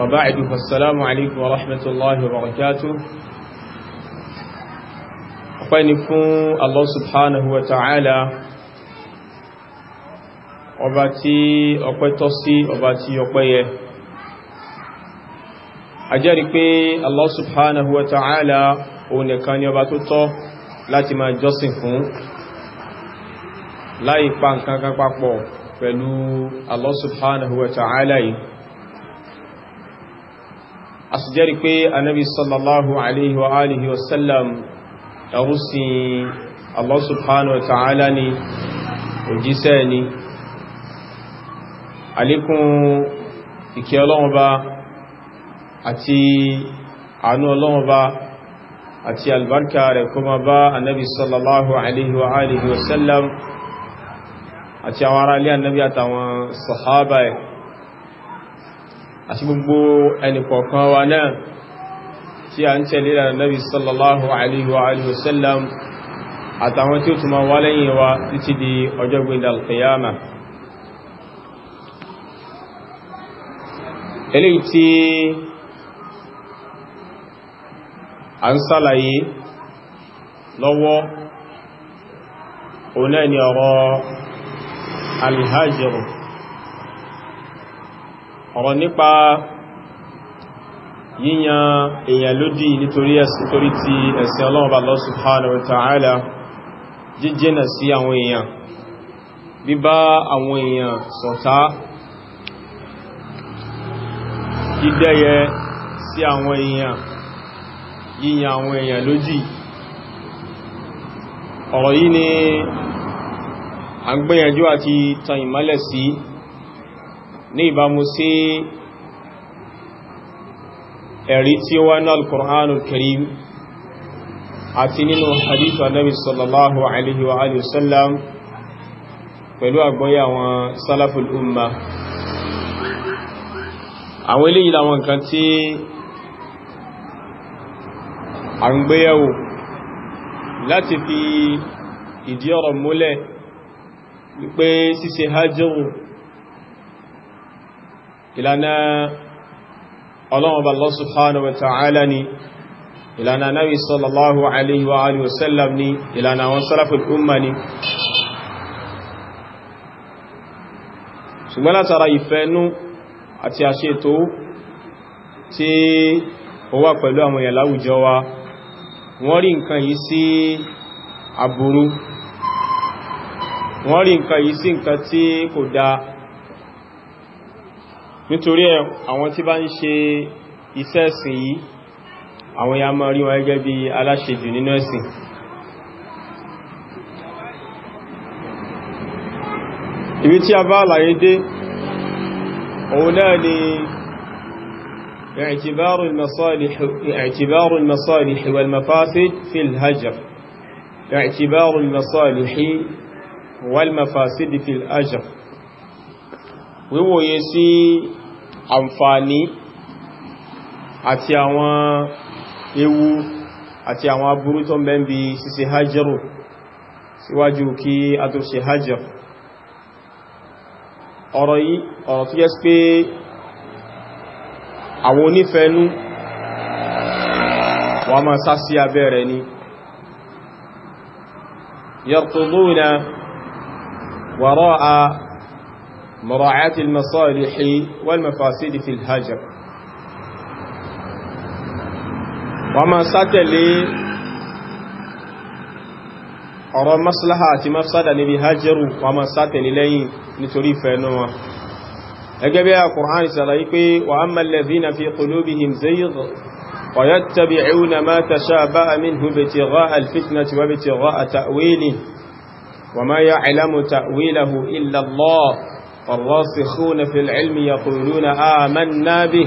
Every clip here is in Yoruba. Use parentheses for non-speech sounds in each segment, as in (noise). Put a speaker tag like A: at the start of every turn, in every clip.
A: وبعد فالسلام عليكم ورحمة الله وبركاته أخواني فون الله سبحانه وتعالى ọba tí ọpẹ́ tọ́ sí ọba tí ọpẹ́ yẹ a jẹ́rìí pé Allah subhanahu wa ta'ala òun nìkan ni ọba tó tọ́ láti máa jọ́sìn fún láì pa nǹkan kan papọ̀ pẹ̀lú Allah subhanahu wa ta'ala yìí a sì jẹ́rìí pé anábi sallallahu alaihi wa alihi wasallam ẹrúsìn Allah subhanahu wa ta'ala ni òjíṣẹ́ ni alékún ìkẹ́ Ọlọ́run bá àti àánú Ọlọ́run bá àti albarka rẹ̀ kuma bá annabi sallallahu alaihi wa alihi wasallam àti àwọn ará àtàwọn sahaba ẹ̀ àti gbogbo ẹnìkọ̀ọ̀kan wa náà tí a ń tẹ̀lé ìlànà Nabi sallallahu alaihi wa alihi wasallam àtàwọn tí ó tún máa wá lẹ́yìn wa títí di ọjọ́ gbẹ̀dẹ̀ al eléyìí tí a ń sálàyé lọ́wọ́ òun náà ni ọ̀rọ̀ alìhájẹ̀rù ọ̀rọ̀ nípa yíyan èèyàn lódì nítorí ẹ̀sìn torí ti ẹ̀sìn ọlọ́ọ̀bà Allah subhanahu wa ta'ala jíjẹ́nà sí àwọn èèyàn bíbá àwọn èèyàn ṣọ̀tá dídẹ́yẹ sí àwọn èèyàn yíyan àwọn èèyàn lódì ọ̀rọ̀ yìí ni a àti tan ìmọ́lẹ̀ sí si ní ìbámu sí ẹ̀rí tí ó wá ní al-Qur'anu Karim àti nínú hadithu annabi sallallahu alaihi wa alihi wasallam pẹ̀lú àgbọ́yé àwọn salaful umma àwọn eléyìí làwọn nǹkan tí a ń gbéyàwó láti fi ìdí ọ̀rọ̀ múlẹ̀ wípé ṣíṣe hajjọ́rùn ìlànà ọlọ́wọ̀bà Allah subhanahu wa ta'ala ni ìlànà náwí sallallahu alaihi wa alihi wasallam ni ìlànà wọn sárafin umma ni ṣùgbọ́n látara ìfẹ́nú àti àṣètò tí ó wà pẹ̀lú àwọn èèyàn láwùjọ wa nítorí ẹ àwọn tí bá ń ṣe iṣẹ́ ẹ̀sìn yìí àwọn ya máa rí wọn gẹ́gẹ́ bí aláṣejù nínú ẹ̀sìn ibi tí a bá àlàyé dé òun náà ni اعتبار المصالح اعتبار المصالح والمفاسد في الهجر اعتبار المصالح والمفاسد في الهجر wíwòye sí àǹfààní àti àwọn ewu àti àwọn aburú tó ń bẹ níbi ṣíṣe hajjẹ́rù síwájú kí a tó ṣe hajjẹ́rù ọ̀rọ̀ yìí ọ̀rọ̀ tó jẹ́ pé àwọn onífẹ́nú wà máa sá sí abẹ́rẹ̀ ni yarquduna wara'a مراعاة المصالح والمفاسد في الهجر وما ساتلي ọ̀rọ̀ maslaha àti mafsada níbi hajjaru wa ma sátẹ̀lì lẹ́yìn nítorí fẹ́nuwa ẹgẹ́ bí a kùránì sàlàyé pé wa amma alladhina fi qulubihim zayg wa yattabi'una ma tashabaha minhu ibtigha'a alfitnati wa ibtigha'a ta'wilihi wa ma ya'lamu ta'wilahu illa Allah والراسخون في العلم يقولون آمنا به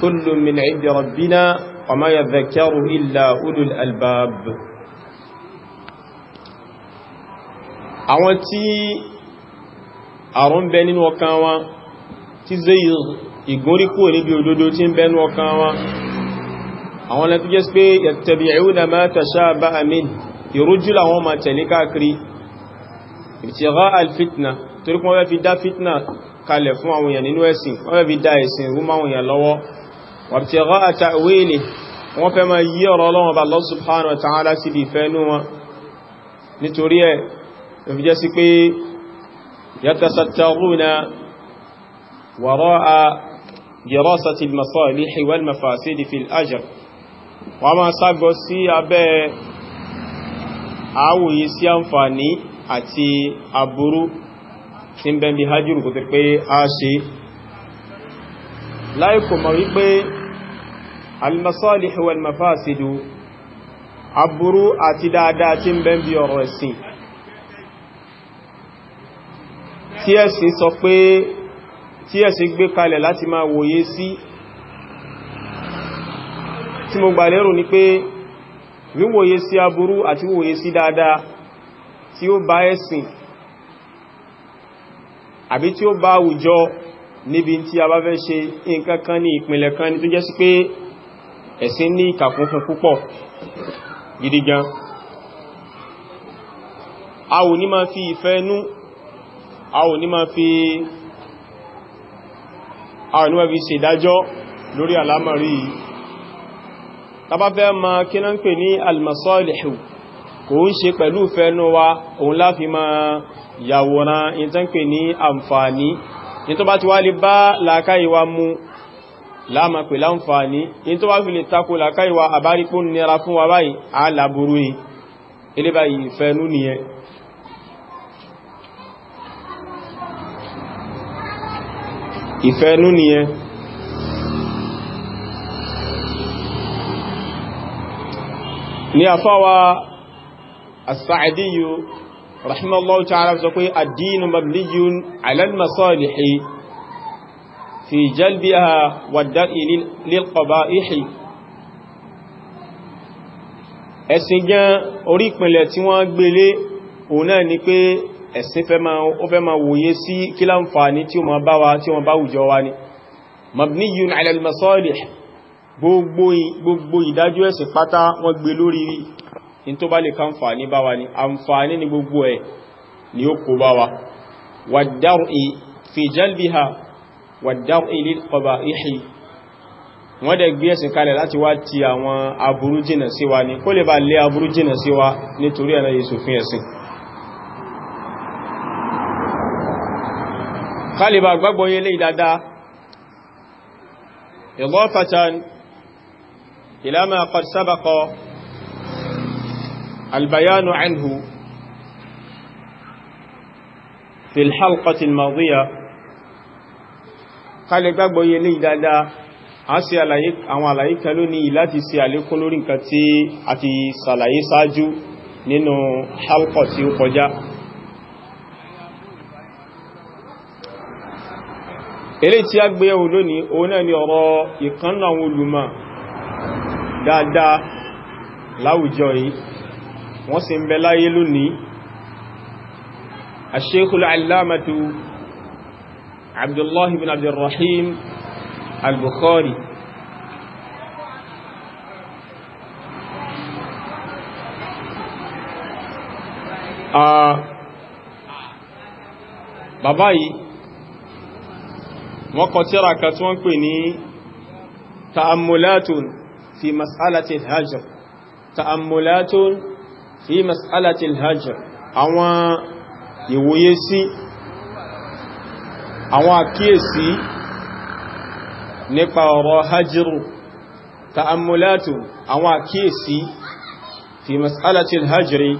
A: كل من عند ربنا وما يذكر إلا أولو الألباب àwọn tí àrùn bẹ nínú ọkàn wọn tí zai ìgúnrí kúrò níbi òdodo tí ń bẹ nínú ọkàn wọn àwọn lẹ́tí jẹ́ pé yattabi'una ma tashabaha min ìrújú làwọn ma tẹ̀lé káàkiri ibtigha al-fitna torí pé wọ́n fẹ́ fi dá fitna kalẹ̀ fún àwọn èèyàn nínú ẹ̀sìn wọ́n fẹ́ fi dá ẹ̀sìn rú máwọn èèyàn lọ́wọ́ wàbtẹ̀rọ àtàwélì wọ́n fẹ́ máa yí ọ̀rọ̀ Ọlọ́run bá Allah subhanahu wa ta'ala sí ibi ìfẹ́ inú àwòyí sí àǹfààní àti àbúrú tí ń bẹ́ bí hajjúrù tó ti pé a ṣe láìkò mọ̀ wípé almasalihu wal mafasidu aburú àti dáadáa tí ń bẹ́ bí ọ̀rọ̀ ẹ̀sìn tí ẹ̀sìn sọ pé tí ẹ̀sìn gbé kalẹ̀ láti máa wòye sí tí mo gbà lérò ní pé wíwòye sí aburú àti wòye sí dáadáa tí ó bá ẹ̀sìn àbí tí ó bá àwùjọ níbi tí a bá fẹ́ ṣe nǹkan kan ní ìpínlẹ̀ kan ní tó jẹ́ sí pé ẹ̀sìn ní ìkàkùn púpọ̀ gidi gan a ò ní máa fi ìfẹ́ inú a ò ní máa fi a ò ní máa fi ṣèdájọ́ lórí àlámọ̀rí yìí tá bá fẹ́ máa kí náà ń pè ní almasalihu kò ń ṣe pẹ̀lú fẹ́nu wa òun láfi ma yàwòrán ìtànkè ní àǹfààní ní tó bá ti wá lè bá làkáyíwá mú láàmà pè láǹfààní ní tó bá fi lè takò làkáyíwá àbárípò nira fún wa báyìí aláburú ni ilé as-Sa'diyyu rahimahullahu ta'ala sọ pé ad-dinu mabniyun 'ala al-masalihi fi jalbiha wa ad-da'i lil qaba'ihi ẹ̀sìn gan orí ìpìnlẹ̀ tí wọ́n gbélé òun náà ni pé ẹ̀sìn ó fẹ́ ma wòye sí kí láǹfààní tí ó bá wa tí ó bá wùjọ wa ni mabniyun 'ala gbogbo ìdájọ́ ẹ̀sìn pátá wọ́n gbé lórí in tó bá lè ká àǹfààní bá wa ni àǹfààní ni gbogbo ẹ̀ ni ó kó bá wa wàdárì fi jalbiha wàdárì lil qaba'ihi wọ́n dẹ̀ gbé ẹ̀sìn kalẹ̀ láti wá ti àwọn aburú jìnà sí wa ni kó lè bá lé aburú jìnà sí wa nítorí ẹ̀nà yìí sòfin ẹ̀sìn kálìbà gbogbo yẹlé ìdáadáa ìlọ́fàtàn ila ma qad البيان عنه في الحلقة الماضية kálẹ̀ gbàgbọ́ yẹ lè dáadáa a ṣe àwọn àlàyé kan lónìí láti ṣe àlékún lórí nǹkan tí a ti ṣàlàyé ṣáájú nínú halkọ̀ tí ó kọjá eré tí a gbé ẹwù lónìí òun náà ni ọ̀rọ̀ ìkan náà olùmọ̀ dáadáa láwùjọ yìí wọ́n sì ń bẹ láyé lónìí asheikhul alamatu abdullahi bin abdulrahim al-bukhari bàbá yìí wọ́n kọ tírà kan tí wọ́n pè ní ta'ammulatun fi mas'alatil hajr ta'ammulatun fi mas'alati al-hajr àwọn ìwòye sí àwọn àkíyèsí nípa ọ̀rọ̀ hajjiru ta'ammulatu àwọn àkíyèsí fi mas'alati al-hajri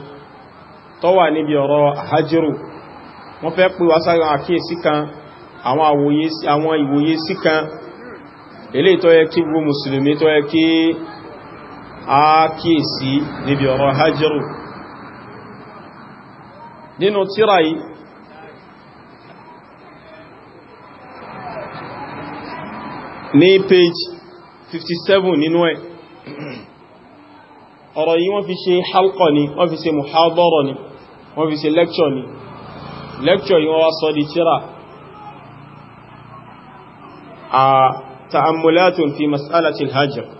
A: tó wà níbi ọ̀rọ̀ hajjiru wọ́n fẹ́ pè wá sára àkíyèsí kan àwọn ìwòye sí kan eléyìí tó yẹ kí gbogbo mùsùlùmí tó yẹ kí a kíyèsí níbi ọ̀rọ̀ hajjiru nínú tíra ní page 57 nínú ẹ̀ ọ̀rọ̀ yìí wọ́n fi ṣe halkọ̀ ni wọ́n fi ṣe muhadọ́rọ̀ ni wọ́n fi ṣe lecture ni lecture yìí wọ́n wá sọ di tíra a ta'ammulatun fi mas'alatil hajjiru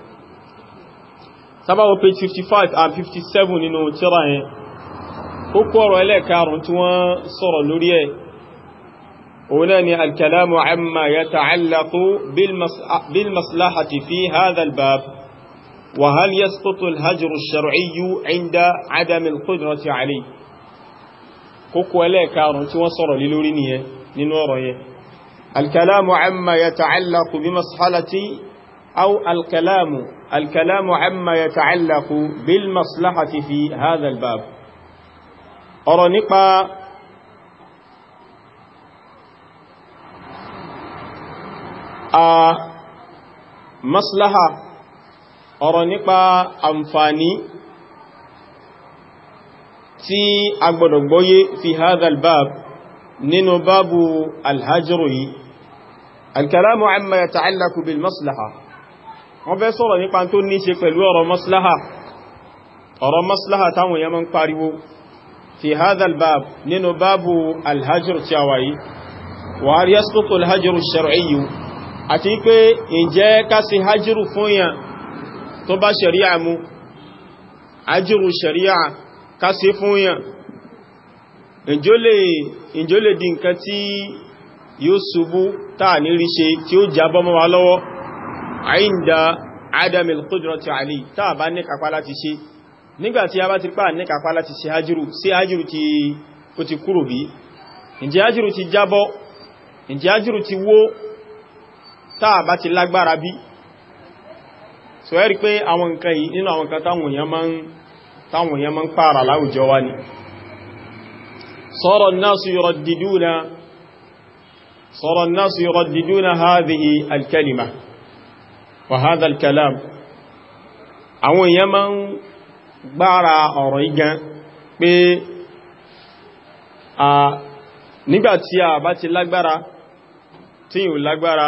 A: tabawo page 55 and 57 nínú tírà yẹn ó kọ́ ọ̀rọ̀ ẹlẹ́ẹ̀karùn tí wọ́n sọ̀rọ̀ lórí ẹ̀ òun náà ni alkalamu amma yata'allaqu bil maslahati fi hadha albab wa hal yasqutu alhajru ash-shar'iyyu 'inda 'adami alqudrati 'alayhi kókó ẹlẹ́ẹ̀karùn tí wọ́n sọ̀rọ̀ lé lórí nìyẹn nínú ọ̀rọ̀ yẹn alkalamu amma yata'allaqu bi maslahati أو الكلام الكلام عما يتعلق بالمصلحة في هذا الباب أرنقى آه، مصلحة أرنقى أنفاني تي أقبل في هذا الباب نينو بابو الهجر الكلام عما يتعلق بالمصلحة wọ́n fẹ́ sọ̀rọ̀ nípa tó ní ṣe pẹ̀lú ọ̀rọ̀ maslaha ọ̀rọ̀ maslaha táwọn èèyàn máa ń pariwo fi hadhal bab nínú báàbù alhajjur tí a wáyé wà á rí ẹ́sùkò alhajjur ṣẹ̀rọ̀ẹ́yù àti pé ǹjẹ́ ká sí hajjuru fún yàn tó bá àyíǹda adamil qudrati alayhi táà bá ní kàpá láti ṣe nígbàtí a bá ti pà ní kàpá láti ṣe hajjúrù sí hajjúrù tí ó ti kúrò bí ǹjẹ́ hajjúrù ti jábọ́ ǹjẹ́ hajjúrù ti wó táà bá ti lágbára bí so ẹ́rí pé àwọn nǹkan yìí nínú àwọn nǹkan صار الناس يرددون صار الناس يرددون هذه الكلمة wàhádà kalam àwọn èèyàn máa ń gbára ọ̀rọ̀ igan pé a nígbàtí a bá ti lágbára tí yíò lágbára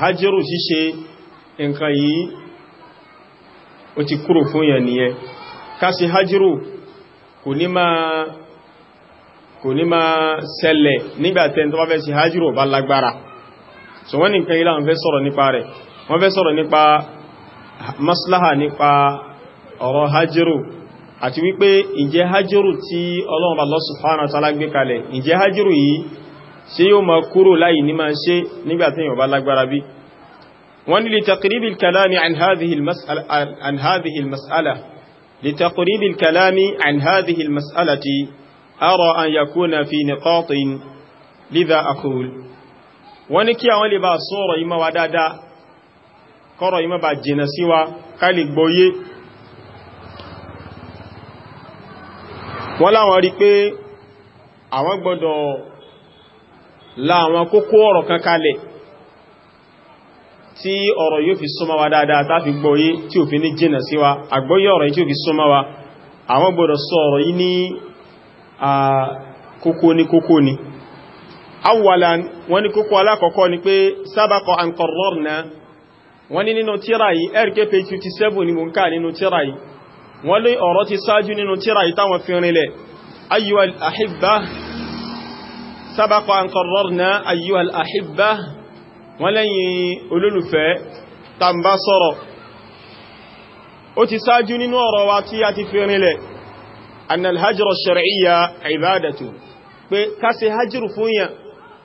A: hajjírù ṣíṣe nǹkan yìí ó ti kúrò fún yẹn nìyẹn káṣe hajjírù kò ní máa kò ní máa ṣẹlẹ̀ nígbàtẹ́ tó bá fẹ́ ṣe hajjírù bá lágbára so wọ́n ní nǹkan ilá wọ́n fẹ́ sọ̀rọ̀ nípa rẹ̀ wọ́n fẹ́ sọ̀rọ̀ nípa maslaha nípa ọ̀rọ̀ hajjiru àti wípé ìjẹ́ hajjiru tí Ọlọ́run Allah subhanahu wa ta'ala gbé kalẹ̀ ìjẹ́ hajjiru yìí wọ́n ní kí àwọn lè bá sọ̀rọ̀ yìí máa wá dáadáa kọ́rọ̀ yìí bá jìnà sí wa ká lè gbọ́yé wọ́n láwọn rí pé àwọn gbọ́dọ̀ la àwọn kókó ọ̀rọ̀ kan kalẹ̀ tí ọ̀rọ̀ yóò fi súnmọ́ wa dáadáa tá fi gbọ́yé tí ò fi ní jìnà sí wa àgbọ́yé ọ̀rọ̀ yìí tí ò fi súnmọ́ wa àwọn gbọ́dọ̀ sọ yìí ní kókó ní kókó ni, kókó ni awalan wọ́n ní kókó alákọ̀ọ́kọ́ ni pé sábàkọ̀ àǹkọ̀rọ̀rùnà wọ́n ní nínú tíra yìí ẹ̀rìké page 57 ni mo ń ká nínú tíra yìí wọ́n lé ọ̀rọ̀ ti sáájú nínú tíra yìí táwọn fi rinlẹ̀ ayyuhal ahibba sábàkọ̀ àǹkọ̀rọ̀rùnà ká ṣe hajjúrù fún yàn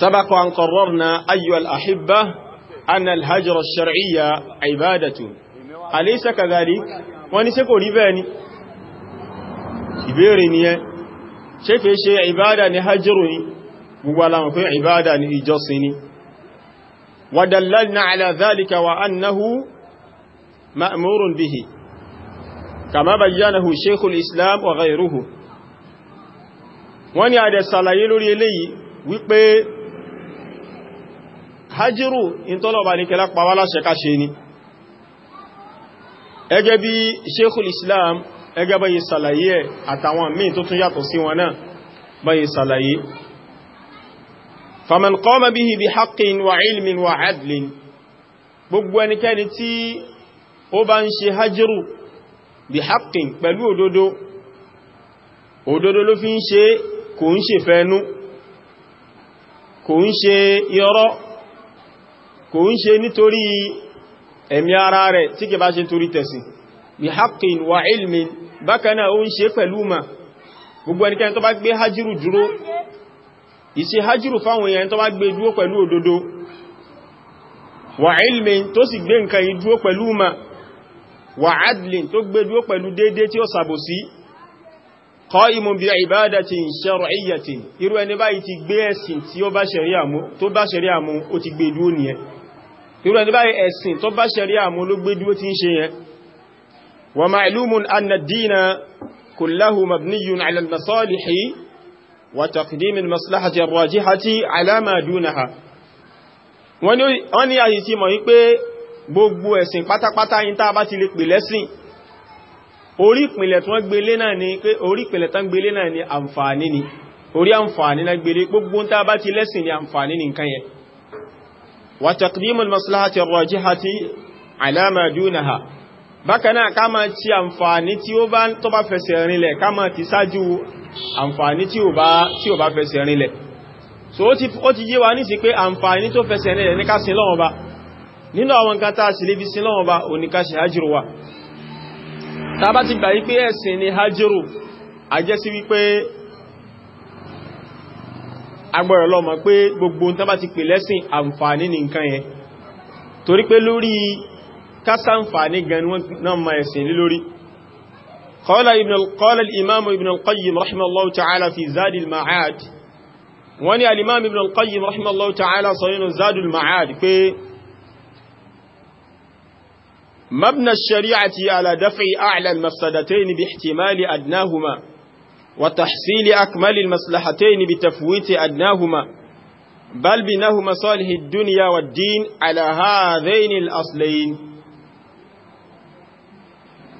A: سبق أن قررنا أيها الأحبة أن الهجر الشرعية عبادة أليس كذلك؟ ونسكو لباني إبيرني شايف شيء عبادة نهجرني مبالا في عبادة نهجرسني ودللنا على ذلك وأنه مأمور به كما بيانه شيخ الإسلام وغيره wọ́n ni àdẹ̀sàlàyé lórí eléyìí wípé hajjiru ìntọ́lọ̀bà ní kẹlá pàwálá ṣẹkáṣe ni ẹgẹ́ bí sheikhul islam ẹgẹ́ báyí sàlàyé ẹ̀ àtàwọn míì tó tún yàtọ̀ sí wọn náà báyí sàlàyé faman qama bihi bi haqqin wa ilmin wa adlin gbogbo ẹnikẹ́ni tí ó bá ń ṣe hajjiru bi haqqin pẹ̀lú òdodo òdodo ló fi ń ṣe kò ń ṣe fẹ́nu kò ń ṣe irọ́ kò ń ṣe nítorí ẹ̀mí ara rẹ̀ tí kì bá ṣe torí tẹ̀sìn bí haqqin wa ilmin bákanáà ó ń ṣe pẹ̀lú ma gbogbo ẹnikẹ́ni tó bá gbé hajjiru dúró ìṣe hajjiru fáwọn èèyàn tó bá gbé dúró pẹ̀lú òdodo wa ilmin tó sì gbé nǹkan wa adlin tó gbé dúró pẹ̀lú déédé tí ó sàbòsí qa'imun bi ibadatin shar'iyyatin irú ẹni báyìí ti gbé ẹ̀sìn tí ó bá ṣẹ̀ríà mu ó ti gbé dúró nìyẹn irú ẹni báyìí ẹ̀sìn tó bá ṣẹ̀rí àmú ló gbé dúró tí ń ṣe yẹn wa ma'lumun anna ad-dina kullahu mabniyyun 'ala al-masalihi wa taqdim al-maslahati ar-rajihati 'ala ma dunaha wọ́n ní àyí tí mọ̀ yí pé gbogbo ẹ̀sìn pátápátá yí tá bá ni pé orí ti وتقديم المصلحة الراجحة على ما دونها bákanáà ká máa ti àǹfààní tí ó bá tó bá fẹsẹ̀ rinlẹ̀ ká máa ti ṣáájú àǹfààní tí ó bá tí ó bá fẹsẹ̀ rinlẹ̀ so ó ti ó ti yé wa ní sí pé àǹfààní tó fẹsẹ̀ rinlẹ̀ ní ká sin lọ́wọ́ ba nínú àwọn nǹkan tá a sì lébi sin lọ́wọ́ ba ò ní ká ṣe hajjuru wa tá a bá ti gbà yí pé ẹ̀sìn ni hajjuru a jẹ́ sí wípé agbọ́rọ̀ lọ́mọ pé gbogbo tán bá ti pè lẹ́sìn àǹfààní ní nǹkan yẹn torí pé lórí kásánfààní gan náà ma ẹ̀sìn lé lórí qala al-imam ibn al-qayyim rahimahullahu ta'ala fi zadil ma'ad wọ́n ní al-imam ibn al-qayyim rahimahullahu ta'ala sọ nínú mabna shari'ati ala daf'i a'la mafsadatayn bi ihtimali adnahuma وتحصيل أكمل المصلحتين بتفويت أدناهما بل بينهما صالح الدنيا والدين على هذين الأصلين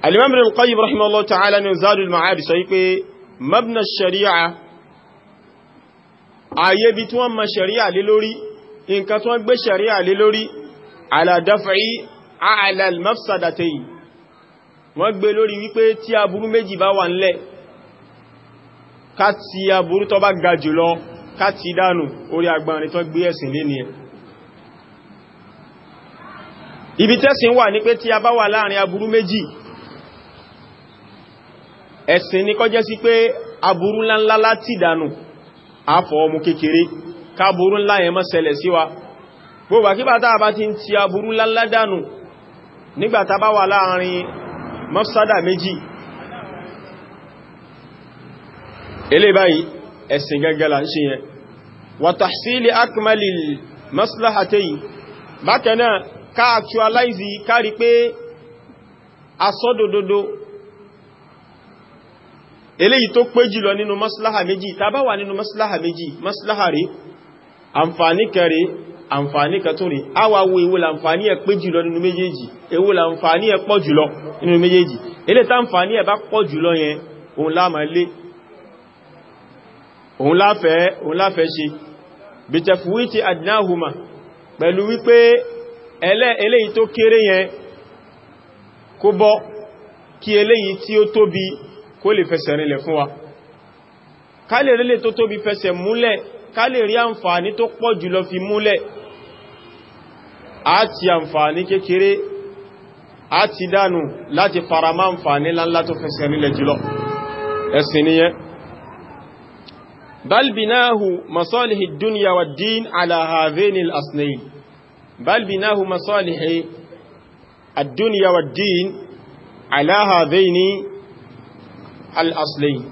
A: الإمام ابن القيم رحمه الله تعالى نزاد المعاد سيقي مبنى الشريعة آية بتوان ما شريعة للوري إن كتوان بشريعة للوري على دفع أعلى المفسدتين wọ́n gbé lórí wípé tí aburú méjì bá wà nílẹ̀ ká ti aburú tó bá ga jùlọ ká ti dànù orí agbárin tó gbé ẹ̀sìn lé nìyẹn ibi tẹ́sìn wà ní pé tí a bá wà láàrin aburú méjì ẹ̀sìn ní kọjẹ́ sí pé aburú ńláńlá láti dànù àfọ̀ ọmọ kékeré káburú ńlá yẹn má ṣẹlẹ̀ sí wa gbogbo eléyìí báyìí ẹ̀sìn gẹ́gẹ́ la ń ṣe yẹn wa tahsili akmalil maslahatayn ká actualize kárí pé asọ́dododo eléyìí tó pé jùlọ nínú maslaha méjì tàbá wà nínú maslaha méjì maslaha rí àǹfàní kẹrì àǹfàní kẹtùrì awàwò èwo l'àǹfàní ẹ pé jùlọ nínú méjèèjì èwo l'àǹfàní ẹ pọ̀ jùlọ nínú méjèèjì eléyìí tàǹfàní ẹ bá pọ̀ jùlọ yẹn òun láàmà lé òun láfẹ́ òun láfẹ́ ṣe bìtẹ̀fúwí ti adnáhùmá pẹ̀lú wípé ẹlẹ́ eléyìí tó kéré yẹn kó bọ́ kí eléyìí tí ó tóbi kó lè fẹsẹ̀ rinlẹ̀ fún wa ká lè rí lè tó tóbi fẹsẹ̀ múlẹ̀ ká lè rí àǹfààní tó pọ̀ jùlọ fi múlẹ̀ àti àǹfààní kékeré àti dànù láti faramá àǹfààní láńlá tó fẹsẹ̀ rinlẹ̀ jùlọ ẹ̀sìn nìyẹn بل بناه مصالح الدنيا والدين على هذين الأصلين بل بناه مصالح الدنيا والدين على هذين الأصلين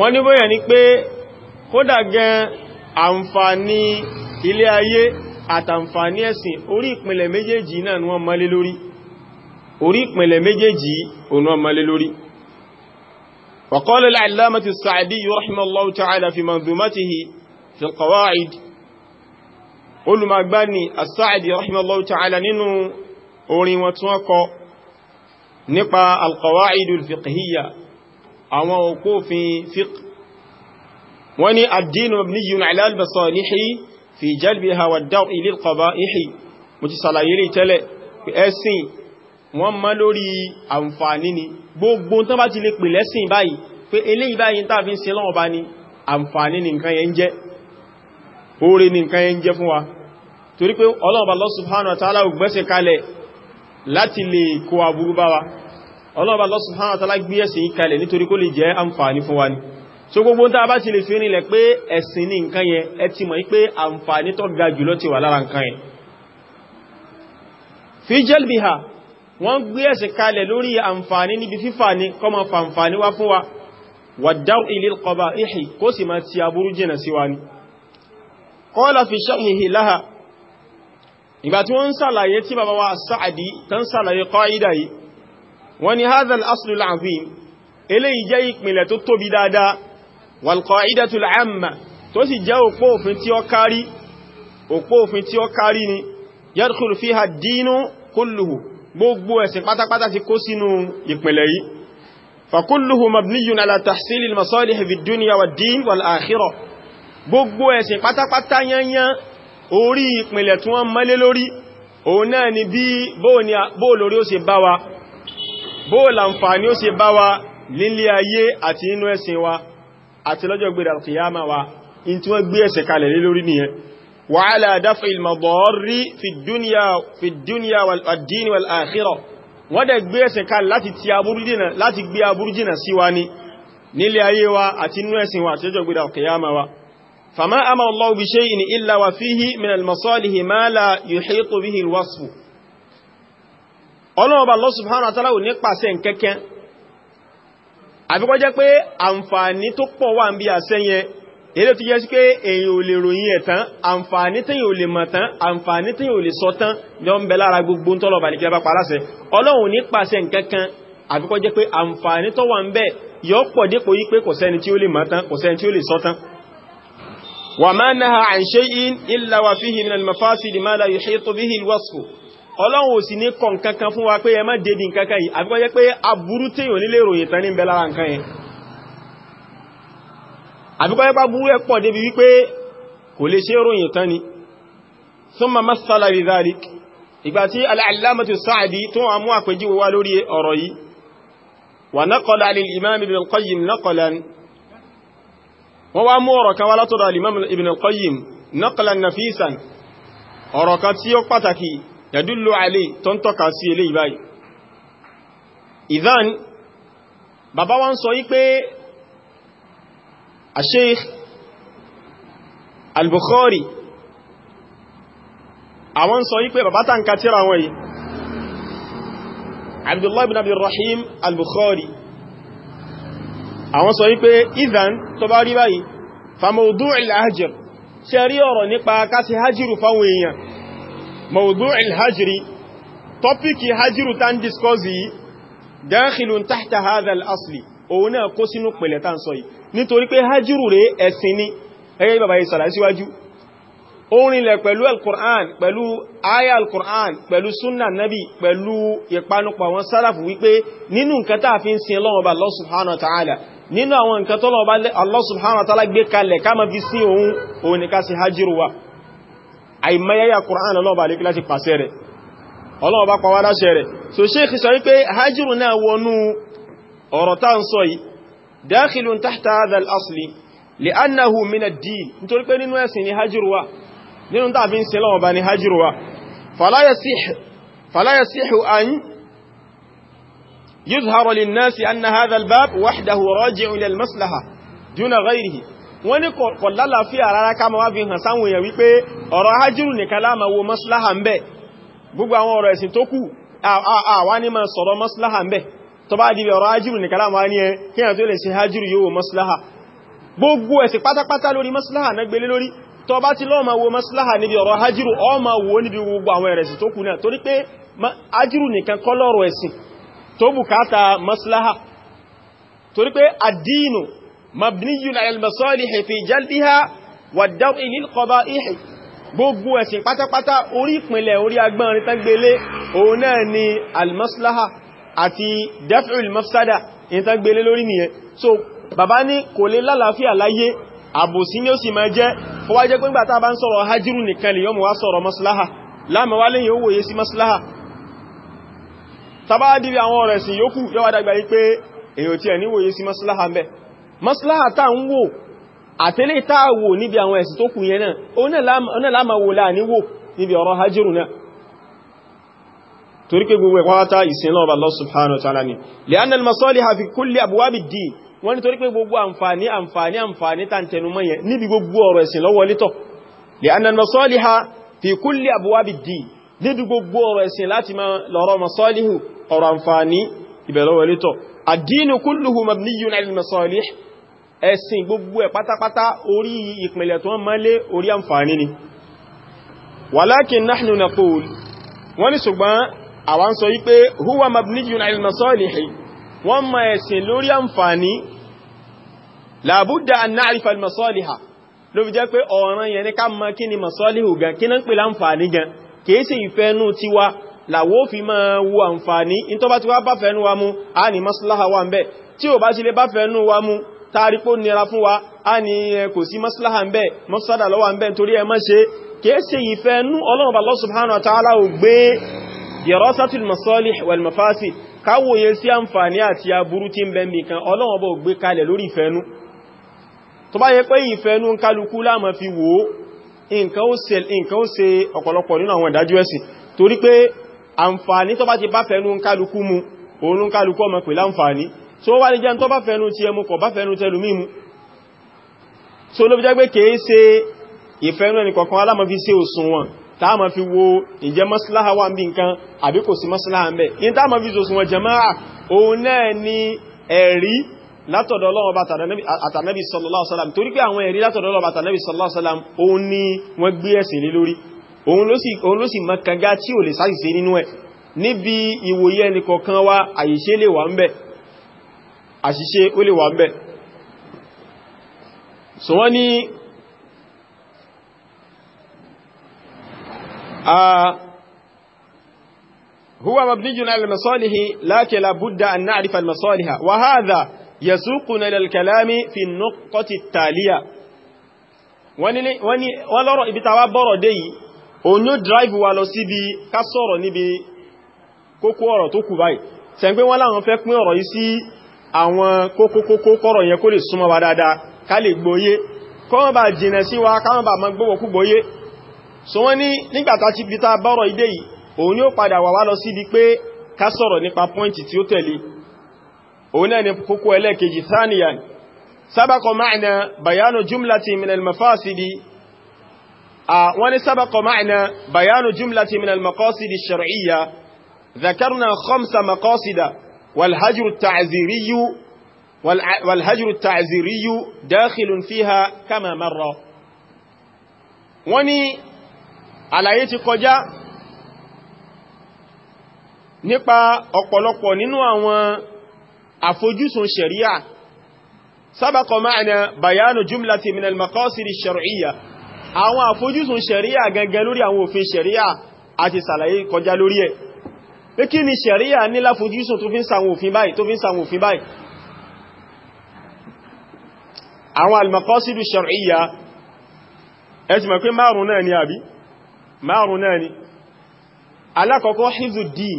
A: wọ́n ní bóyẹ̀ ní pé kódà gan àǹfààní ilé ayé àtàǹfààní ẹ̀sìn orí ìpìnlẹ̀ méjèèjì náà ni wọ́n mọ́lé lórí orí ìpìnlẹ̀ méjèèjì òun wọ́n mọ́lé lórí وقال العلامة السعدي رحمه الله تعالى في منظومته في القواعد قل ما أقبالني السعدي رحمه الله تعالى ننو أوري وتوقع نقى القواعد الفقهية أما وقوف فقه وني الدين مبني على المصالح في جلبها والدوء للقبائح متسلعيري تلي في أسين wọ́n mọ́ lórí àǹfààní ni gbogbo tán bá ti lè pè lẹ́sìn báyìí pé eléyìí báyìí tàà fi ń ṣe lọ́wọ́ bá ní àǹfààní ni nǹkan yẹn jẹ́ oore ni nǹkan yẹn jẹ́ fún wa torí pé ọlọ́ọ̀bà Allah subhanahu wa ta'ala ò gbẹ́sẹ̀ kalẹ̀ láti lè Allah subhanahu wa ta'ala gbé ẹ̀sìn yìí kalẹ̀ nítorí kó lè jẹ́ àǹfààní fún wa ni so gbogbo tàà bá ti lè fi rinlẹ̀ pé ẹ̀sìn ni nǹkan yẹn wọ́n gbé ẹ̀sìn kalẹ̀ lórí àǹfààní níbi fífà ní kọmọ fàǹfààní wá fún wa wàdáwò ilé kọba ìhì kó sì máa ti aburú jìnà sí wa ní kọ́lá fi ṣọ́nìhì láha ìgbà tí wọ́n ń sàlàyé tí bàbá wa sáàdì tán sàlàyé kọ́ìdà yìí wọ́n ni hazal aslu azim eléyìí jẹ́ ìpìnlẹ̀ tó tóbi dáadáa wal qa'idatu al-amma tó sì jẹ́ òpó òfin tí ó kárí òpó òfin tí ó kárí ni yadkhulu fiha ad kulluhu gbogbo ẹ̀sìn pátápátá ti kó sínú ìpìlẹ̀ yìí fakulluhu mabniyun ala tahsil al-masalih fi dunya wa din wal akhirah gbogbo ẹ̀sìn pátápátá yanyan orí ìpìlẹ̀ tí wọ́n mọ́lé lórí òun náà ni bí bóòlórí lórí وعلى دفع المضار في الدنيا في الدنيا والدين والآخرة wọ́n dẹ̀ gbé ẹ̀sìn kan láti ti aburujina láti gbé aburujina sí wa ní nílé ayé wa àti inú ẹ̀sìn wa àti ọjọ́ gbéra wa فما أمر الله بشيء إلا وفيه من المصالح ما لا يحيط به الوصف ọlọ́ọ̀bà Allah subhanahu wa ta'ala ò ní pàṣẹ nkẹ́kẹ́ àfikọ́ jẹ́ pé ilé tó jẹ́ sí pé èyàn ò lè ròyìn ẹ̀ tán àǹfààní tẹ́yàn ò lè mọ̀ tán àǹfààní tẹ́yàn ò lè sọ tán lọ ń bẹ lára gbogbo tọ́lọ̀ bàlìkì bá paláṣẹ ọlọ́run ní pàṣẹ nǹkankan àfikọ́ jẹ́ pé àǹfààní tó wà ń bẹ yọ pọ̀ dípò yí pé kò sẹ́ni tí ó lè mọ̀ tán kò sẹ́ni tí ó lè sọ tán wa ma naha illa wa fihi min al-mafasid ma la yuhitu bihi al-wasf ọlọ́run ò sì ní kọ̀ nǹkankan fún wa pé ẹ má dédì nǹkankan yìí àbíkọ́ yẹ́pá burú ẹ pọ̀ débi wípé kò lè ṣe ròyìn tán ni thumma masala bi dhalik ìgbà tí al-allamatu Sa'di tó wà mú àpèjúwe wá lórí ọ̀rọ̀ yìí wa naqala lil-imam ibn al-qayyim naqlan wọ́n wá mú ọ̀rọ̀ kan wá látọ̀dọ̀ al ìdán bàbá wa sọ yí pé الشيخ البخاري àwọn sọ yí pé bàbá tá ń ka tíra wọn yìí abdullahi bin abdurrahim al-bukhari àwọn sọ yí pé ìdán tó bá rí báyìí famaudu il-hajjir ṣe rí ọ̀rọ̀ nípa kásí hajjiru fáwọn èèyàn maudu il tọ́píkì hajjiru tán discourse yìí dákìlùn tahta hadha asli òun náà kó sínú pẹ̀lẹ̀ tán sọ yìí nítorí pé hajjúrù rẹ̀ ẹ̀sìn ni ẹgbẹ́ bàbá ìsàlá síwájú orinlẹ̀ pẹ̀lú al-Qur'an pẹ̀lú aya al-Qur'an pẹ̀lú sunna nabi pẹ̀lú ìpanupọ̀ àwọn sálàfù wípé nínú nǹkan tàà fi ń sin lọ́wọ́ba Allah subhanahu wa ta'ala nínú àwọn nǹkan tó lọ́wọ́ba Allah subhanahu wa ta'ala gbé kalẹ̀ ká ma fi sí òun òun ni ká sí rẹ̀ so sheikh sọ wípé hajjiru náà wọnú ọ̀rọ̀ tá ń sọ yìí dákìlù tàhtà àdàl asìlì lè annahu mina dín nítorí pé nínú ẹ̀sìn ni hajjirwa nínú tàbí ń sílọ́wọ́ bá ni hajjirwa fàláyà síhù an yuzharu lè nasi anna hadal bab wahdahu raji'un lil maslaha duna ghairihi wọ́n ní kò lálàáfíà rárá ká ma wá fi hàn sáwọn èèyàn wípé ọ̀rọ̀ hajjirù nìkan láàmà wo maslaha ń bẹ gbogbo àwọn ọ̀rọ̀ ẹ̀sìn tó kù àwa ní ma sọ̀rọ̀ maslaha ń bẹ tó bá di ọ̀rọ̀ ajírù ní kàrà máa ní ẹ kí ẹ̀ tó lè ṣe ajírù yóò maslaha gbogbo ẹ̀sì pátápátá lórí maslaha náà gbélé lórí tó bá ti lọ́ọ̀mà wo maslaha níbi ọ̀rọ̀ ajírù ọ ma wo níbi gbogbo àwọn ẹ̀rẹ̀sì tó kù náà torí pé ajírù nìkan kọ́ lọ́rọ̀ ẹ̀sìn tó bùkátà maslaha torí pé ad-dinu mabniyun 'ala al àti daf'ul mafsada in ta gbélé lórí nìyẹn so bàbá ní kò lè lálàáfíà láyé àbòsí ní ó sì máa jẹ́ fọwájẹ́ pé nígbàtà bá ń sọ̀rọ̀ hajjiru nìkan lè yọ́ mọ̀ wá sọ̀rọ̀ maslaha láàmà wá lẹ́yìn owó maslaha tàbá dìrí àwọn ọ̀rẹ̀ sí yókù yọ́wà dàgbà wòye sí maslaha ń maslaha tá ń wò àtẹ́lẹ̀ tá wò níbi àwọn ẹ̀sìn tó kù yẹn náà ó náà torí pé gbogbo ẹ̀kwátá ìsìn lọ́wọ́ Allah subhanahu wa ta'ala ni li'anna al-masaliha fi kulli abwab ad-din wọ́n ni torí pé gbogbo àǹfààní àǹfààní àǹfààní tàntẹnumọ́ yẹn níbi gbogbo ọ̀rọ̀ ẹ̀sìn lọ́wọ́ lítọ̀ li'anna al-masaliha fi kulli abwab ad-din níbi gbogbo ọ̀rọ̀ ẹ̀sìn láti máa lọ́rọ̀ masalihu ọ̀rọ̀ àǹfààní ìbẹ̀lọ́wọ́ lítọ̀ ad-dinu kulluhu mabniyyun wọ́n ni ṣùgbọ́n àwa ń sọ wípé huwa mabniyun ala masalihi wọ́n ma ẹ̀sìn lórí àǹfààní làbúdà an na'rifa al masaliha ló fi jẹ́ pé ọ̀ràn yẹn ní ká mọ kí ni masalihu gan kí náà ń pè láǹfààní gan kìí sì ìfẹ́nú tiwa làwó fi máa wo àǹfààní in tó bá ti wá bá fẹ́nú wa mu a ní maslaha wa ń bẹ tí ò bá ti lè wa dirasatul masalih wal mafasid káwòye sí àǹfààní àti aburú tí ń bẹ nìkan Ọlọ́run bó gbé kalẹ̀ lórí ìfẹ́nú tó bá yẹ pé ìfẹ́nú ń kálukú la máa fi wò ó nǹkan ó ṣe ọ̀pọ̀lọpọ̀ nínú àwọn ìdájú ẹ̀sìn torí pé àǹfààní tó bá ti bá fẹ́nú ń kálukú mu òun ń kálukú ọmọ pè láǹfààní tó wá ní jẹ́ tó bá táà ma fi wo ìjẹ́ maslaha wà ń bí nǹkan àbí kò sí maslaha ń bẹ̀. in táà ma fi sòsùn wọn jama'a òun náà ni ẹ̀rí látọ̀dọ̀ àtànẹ́bí sallallahu alaihi wasallam torí pé àwọn ẹ̀rí látọ̀dọ̀ sallallahu alaihi wasallam òun ni wọ́n gbé ẹ̀sìn lé lórí òun ló sì mọ́kànga tí ò lè sáìsẹ́ nínú ẹ̀ níbi ìwòye ẹnìkọ̀ọ̀kan wọ́n ni هو مبني على المصالح لكن لابد أن نعرف المصالح وهذا يسوقنا إلى الكلام في النقطة التالية wọ́n lọ́rọ̀ ibi tàwà bọ́rọ̀ dé yìí òun yóò drive wa lọ síbi ká sọ̀rọ̀ níbi kókó ọ̀rọ̀ tó kù báyìí tẹ́gbé wọ́n láwọn fẹ́ pín ọ̀rọ̀ yìí sí àwọn kókókókó kọ́rọ̀ yẹn kó lè súnmọ́ wa dáadáa ká lè gbọ́yé kọ́wọ́n bá jìnà sí wa káwọn bá mọ́ gbọ́wọ́kú gbọ́yé so wọ́n ní nígbàtà ti fi ta bọ́rọ̀ idé yìí òun yóò padà wà wá lọ sí di pé ká sọ̀rọ̀ nípa pọ́ìntì tí ó tẹ̀lé òun náà ni kókó ẹlẹ́ẹ̀kejì thaniyan sábàkọ ma'na bayanu jumlati min al-mafasidi a wọ́n ní sábàkọ ma'na bayanu jumlati min al-maqasidi ذكرنا خمس مقاصد والهجر التعزيري والهجر التعزيري داخل فيها كما مر wọ́n àlàyé ti kọjá nípa ọ̀pọ̀lọpọ̀ nínú àwọn àfojúsùn ṣẹ̀ríà sábàkọ̀ ma'ana bayanu jumlati minal makọ́siri ṣẹ̀ríà àwọn àfojúsùn ṣẹ̀ríà gangan lórí àwọn òfin ṣẹ̀ríà àti sàlàyé kọjá lórí ẹ̀ pé kí ni ṣẹ̀ríà ní láfojúsùn tó fi ń sàwọn òfin báyìí tó fi ń sàwọn òfin báyìí àwọn almakọ́siri ṣẹ̀ríà ẹ ti mọ̀ pé márùn-ún náà ni àbí márùn náà ni alákọ̀ọ́kọ́ hizuddin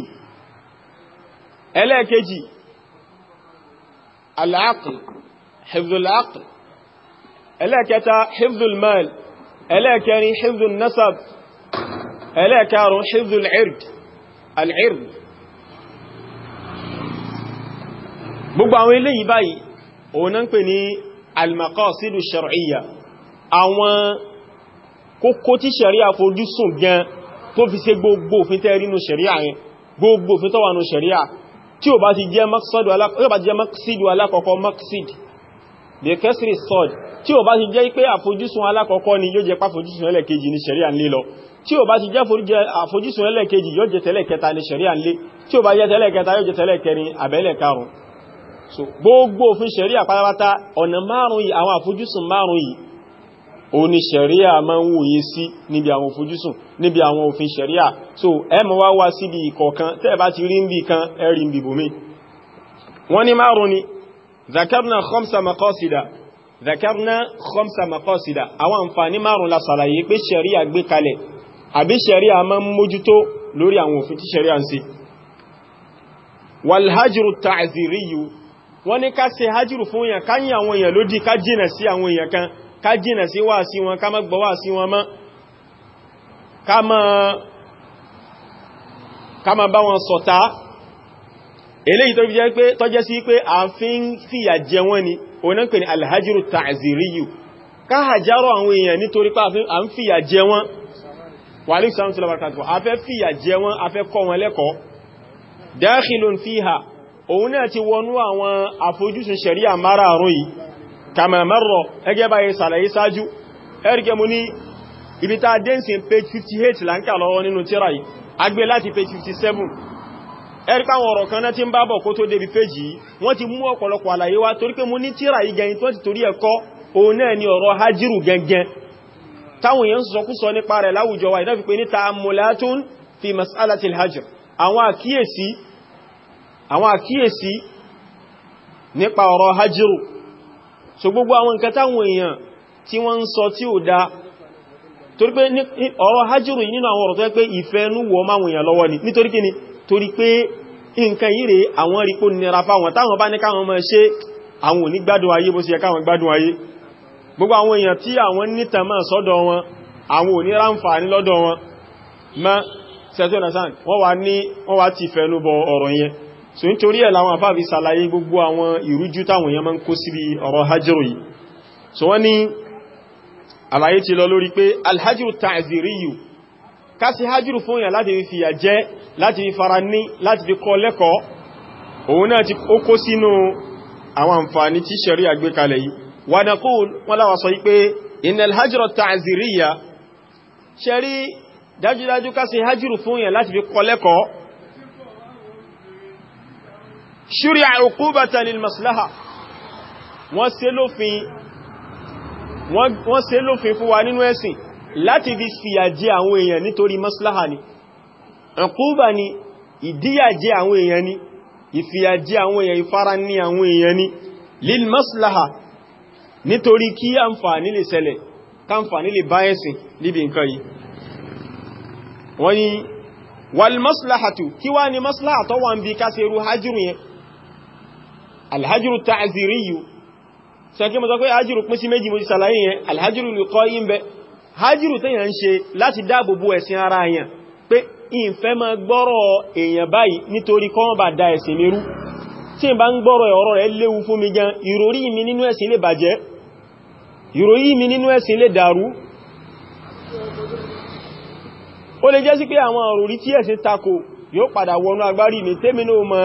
A: ẹlẹ́ẹ̀kejì al-aql hifzul aql ẹlẹ́ẹ̀kẹta hifzul mal ẹlẹ́ẹ̀kẹrin hifzul nasab ẹlẹ́ẹ̀karùn hifzul ird al-ird gbogbo àwọn eléyìí báyìí òun náà ń pè ní al-maqasidu shar'iyya àwọn kókó tí ṣẹ̀ríà fojú sùn gan tó fi ṣe gbogbo òfin tẹ́ rí nù ṣẹ̀ríà yẹn gbogbo òfin tó wà nù ṣẹ̀ríà tí ó bá ti jẹ́ maksidu alákọ̀ọ́kọ́ maksid bí kẹsìrì sọ́d tí ó bá ti jẹ́ pé àfojúsùn alákọ̀ọ́kọ́ ni yóò jẹ́ pàfojúsùn ẹlẹ́kejì ní ṣẹ̀ríà ń lé lọ tí ó bá ti jẹ́ àfojúsùn ẹlẹ́kejì yóò jẹ́ tẹ́lẹ̀ kẹta ní ṣẹ̀ríà ń lé tí ó bá jẹ́ tẹ́lẹ̀ kẹta yóò jẹ́ tẹ́lẹ̀ kẹrin àbẹ́lẹ̀ karùn-ún so gbogbo òfin ṣẹ̀ríà pátápátá ọ̀nà márùn-ún yìí àwọn àfojúsùn márùn-ún yìí òun ni ṣẹ̀ríà máa ń wòye sí níbi àwọn òfojúsùn níbi àwọn òfin ṣẹ̀ríà so ẹ mọ̀ wá wá síbi ìkọ̀ọ̀kan tẹ́ ẹ bá ti rí níbi kan ẹ rí níbi bòmí wọ́n ní márùn ni zakarna khamsa maqasida zakarna khamsa maqasida àwọn àǹfààní márùn la ṣàlàyé pé ṣẹ̀ríà gbé kalẹ̀ àbí ṣẹ̀ríà máa ń mójútó lórí àwọn òfin tí ṣẹ̀ríà ń ṣe walhajiru ta'ziriyu wọ́n ní ká ṣe hajiru fún èèyàn ká àwọn èèyàn lódì ká jìnà sí àwọn èèyàn kan ká jìnà sí wà sí wọn ká má gbọ́ wà sí wọn mọ́ ká má bá wọn ṣọ̀tá eléyìí tó fi jẹ́ pé tọ́jẹ́ sí pé a fi ń fìyà jẹ wọ́n ni òun náà pè ní alhajiru ta'ziriyu ká hàjárọ̀ àwọn èèyàn nítorí pé a ń fìyà jẹ wọ́n wà ní ìsáwọn sílọ́bàá kàtàkùn wọn lẹ́kọ̀ọ́ dákhilun fiha òun kama marọ ẹgẹ́ báyé sàlàyé sáájú ẹ̀rìkẹ́ mú ibi page 58 láńkà lọ́wọ́ nínú tíra yìí agbé láti page 57 ẹ̀rìkà wọn kan náà ti ń bábọ̀ kó tó débi page yìí wọ́n ti mú ọ̀pọ̀lọpọ̀ àlàyé wá torí pé mú ní tíra yìí gẹ̀yìn ni nípa so gbogbo àwọn nǹkan táwọn èèyàn tí wọ́n ń sọ tí ò dá torí pé ọ̀rọ̀ hajjúrù nínú àwọn ọ̀rọ̀ tó yẹ pé ìfẹ́ nú wọ máwọn èèyàn lọ́wọ́ ni nítorí kí ni torí pé nǹkan yìí rèé àwọn rí kó nira fáwọn táwọn bá ní káwọn máa ṣe àwọn ò ní gbádùn ayé bó ṣe yẹ káwọn gbádùn ayé gbogbo àwọn èèyàn tí àwọn nítàn sọ́dọ̀ wọn àwọn ò lọ́dọ̀ wọn ma ṣẹ́tọ́ ìdásán wọ́n wá ní wọ́n wá ti fẹ́ nú bọ ọ̀rọ̀ yẹn so nítorí ẹ̀ láwọn àfáàfi sàlàyé gbogbo àwọn ìrújú táwọn èèyàn máa ń kó síbi ọ̀rọ̀ hajjúrù yìí so wọ́n ní àlàyé ti lọ lórí pé alhajjúrù tààzìrí yìí ká sí hajjúrù fún èèyàn láti fi fìyà jẹ láti fi fara ní láti fi kọ́ lẹ́kọ̀ọ́ òun náà ti ó kó sínú àwọn dájúdájú ká sí fún èèyàn láti fi kọ́ lẹ́kọ̀ọ́ ṣúrí àìkúbàtà lil maslaha wọ́n ṣe lófin fún wa nínú ẹ̀sìn láti fi fìyàjẹ àwọn èèyàn nítorí maslaha ni ẹ̀kúbà ni ìdíyàjẹ àwọn èèyàn ni ìfìyàjẹ àwọn èèyàn ìfara ní àwọn èèyàn ni lil maslaha nítorí kí àǹfààní lè ṣẹlẹ̀ káǹfààní lè bá ẹ̀sìn níbi nǹkan yìí alhajiru ta'ziri yìí sọ́kí mọ́ sọ pé hajiru pín sí méjì mo ti sàlàyé yẹn alhajiru lè kọ́ yí ń bẹ hajiru tẹ́yàn ń ṣe láti dáàbò bo ẹ̀sìn ara yẹn pé ìfẹ́ ma gbọ́rọ̀ èèyàn báyìí nítorí kọ́ bá da ẹ̀sìn mi rú tí n bá ń gbọ́rọ̀ ọ̀rọ̀ rẹ̀ léwu fún mi gan ìròrí mi nínú ẹ̀sìn lè bàjẹ́ ìròrí mi nínú ẹ̀sìn lè dàrú ó lè jẹ́ sí pé àwọn òròrí tí ẹ̀sìn tako yóò padà wọnú agbárí mi tẹ́mi náà mọ́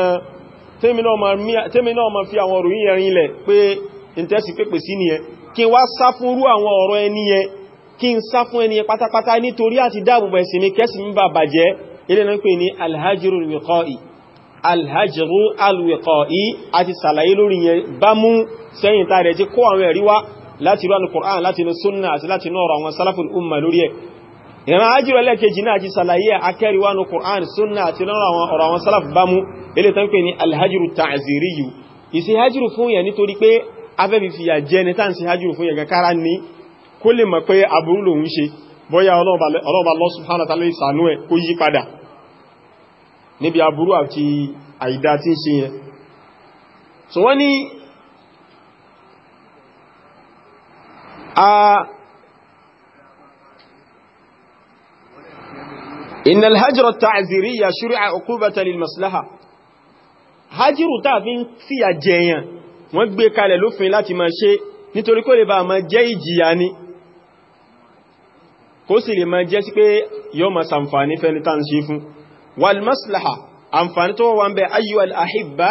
A: tẹ́mi náà ma fi àwọn ọ̀rọ̀ yìí yẹrin ilẹ̀ pé ìntẹ́sì pépè sí nìyẹn kí wá sá fún rú àwọn ọ̀rọ̀ ẹni yẹn kí n sá fún ẹni yẹn pátápátá nítorí àti dáàbòbò ẹ̀sìn mi kẹ́sì mi bà bàjẹ́ ilé náà pè ní alhajiru alwiqa'i alhajiru quran láti inú sunna àti láti inú ọ̀rọ̀ umma lórí ìran ajírọ̀ lẹ́kẹjì náà ti sàlàyé akẹ́ríwánu Qur'an sunna àti ọ̀rọ̀ àwọn salaf bámú ilé tán pè ní alhajiru ta'ziriyu ìṣe hajiru fún yẹn nítorí pé afẹ́bí fìyà jẹ́ ní tán sí hajiru fún yẹn kankára ní kó lè mọ̀ pé aburú lòun إن الهجر التعذيرية شرع عقوبة للمصلحة هجر تعفين في الجيان wọ́n gbé kalẹ̀ lófin láti máa ṣe nítorí kó lè bá máa jẹ́ ìjìyà ni kó sì lè máa jẹ́ sí pé yóò máa sàǹfàní fẹ́ni tán ṣe fún walmaslaha àǹfàní tó wà ń bẹ ayyuwal ahibba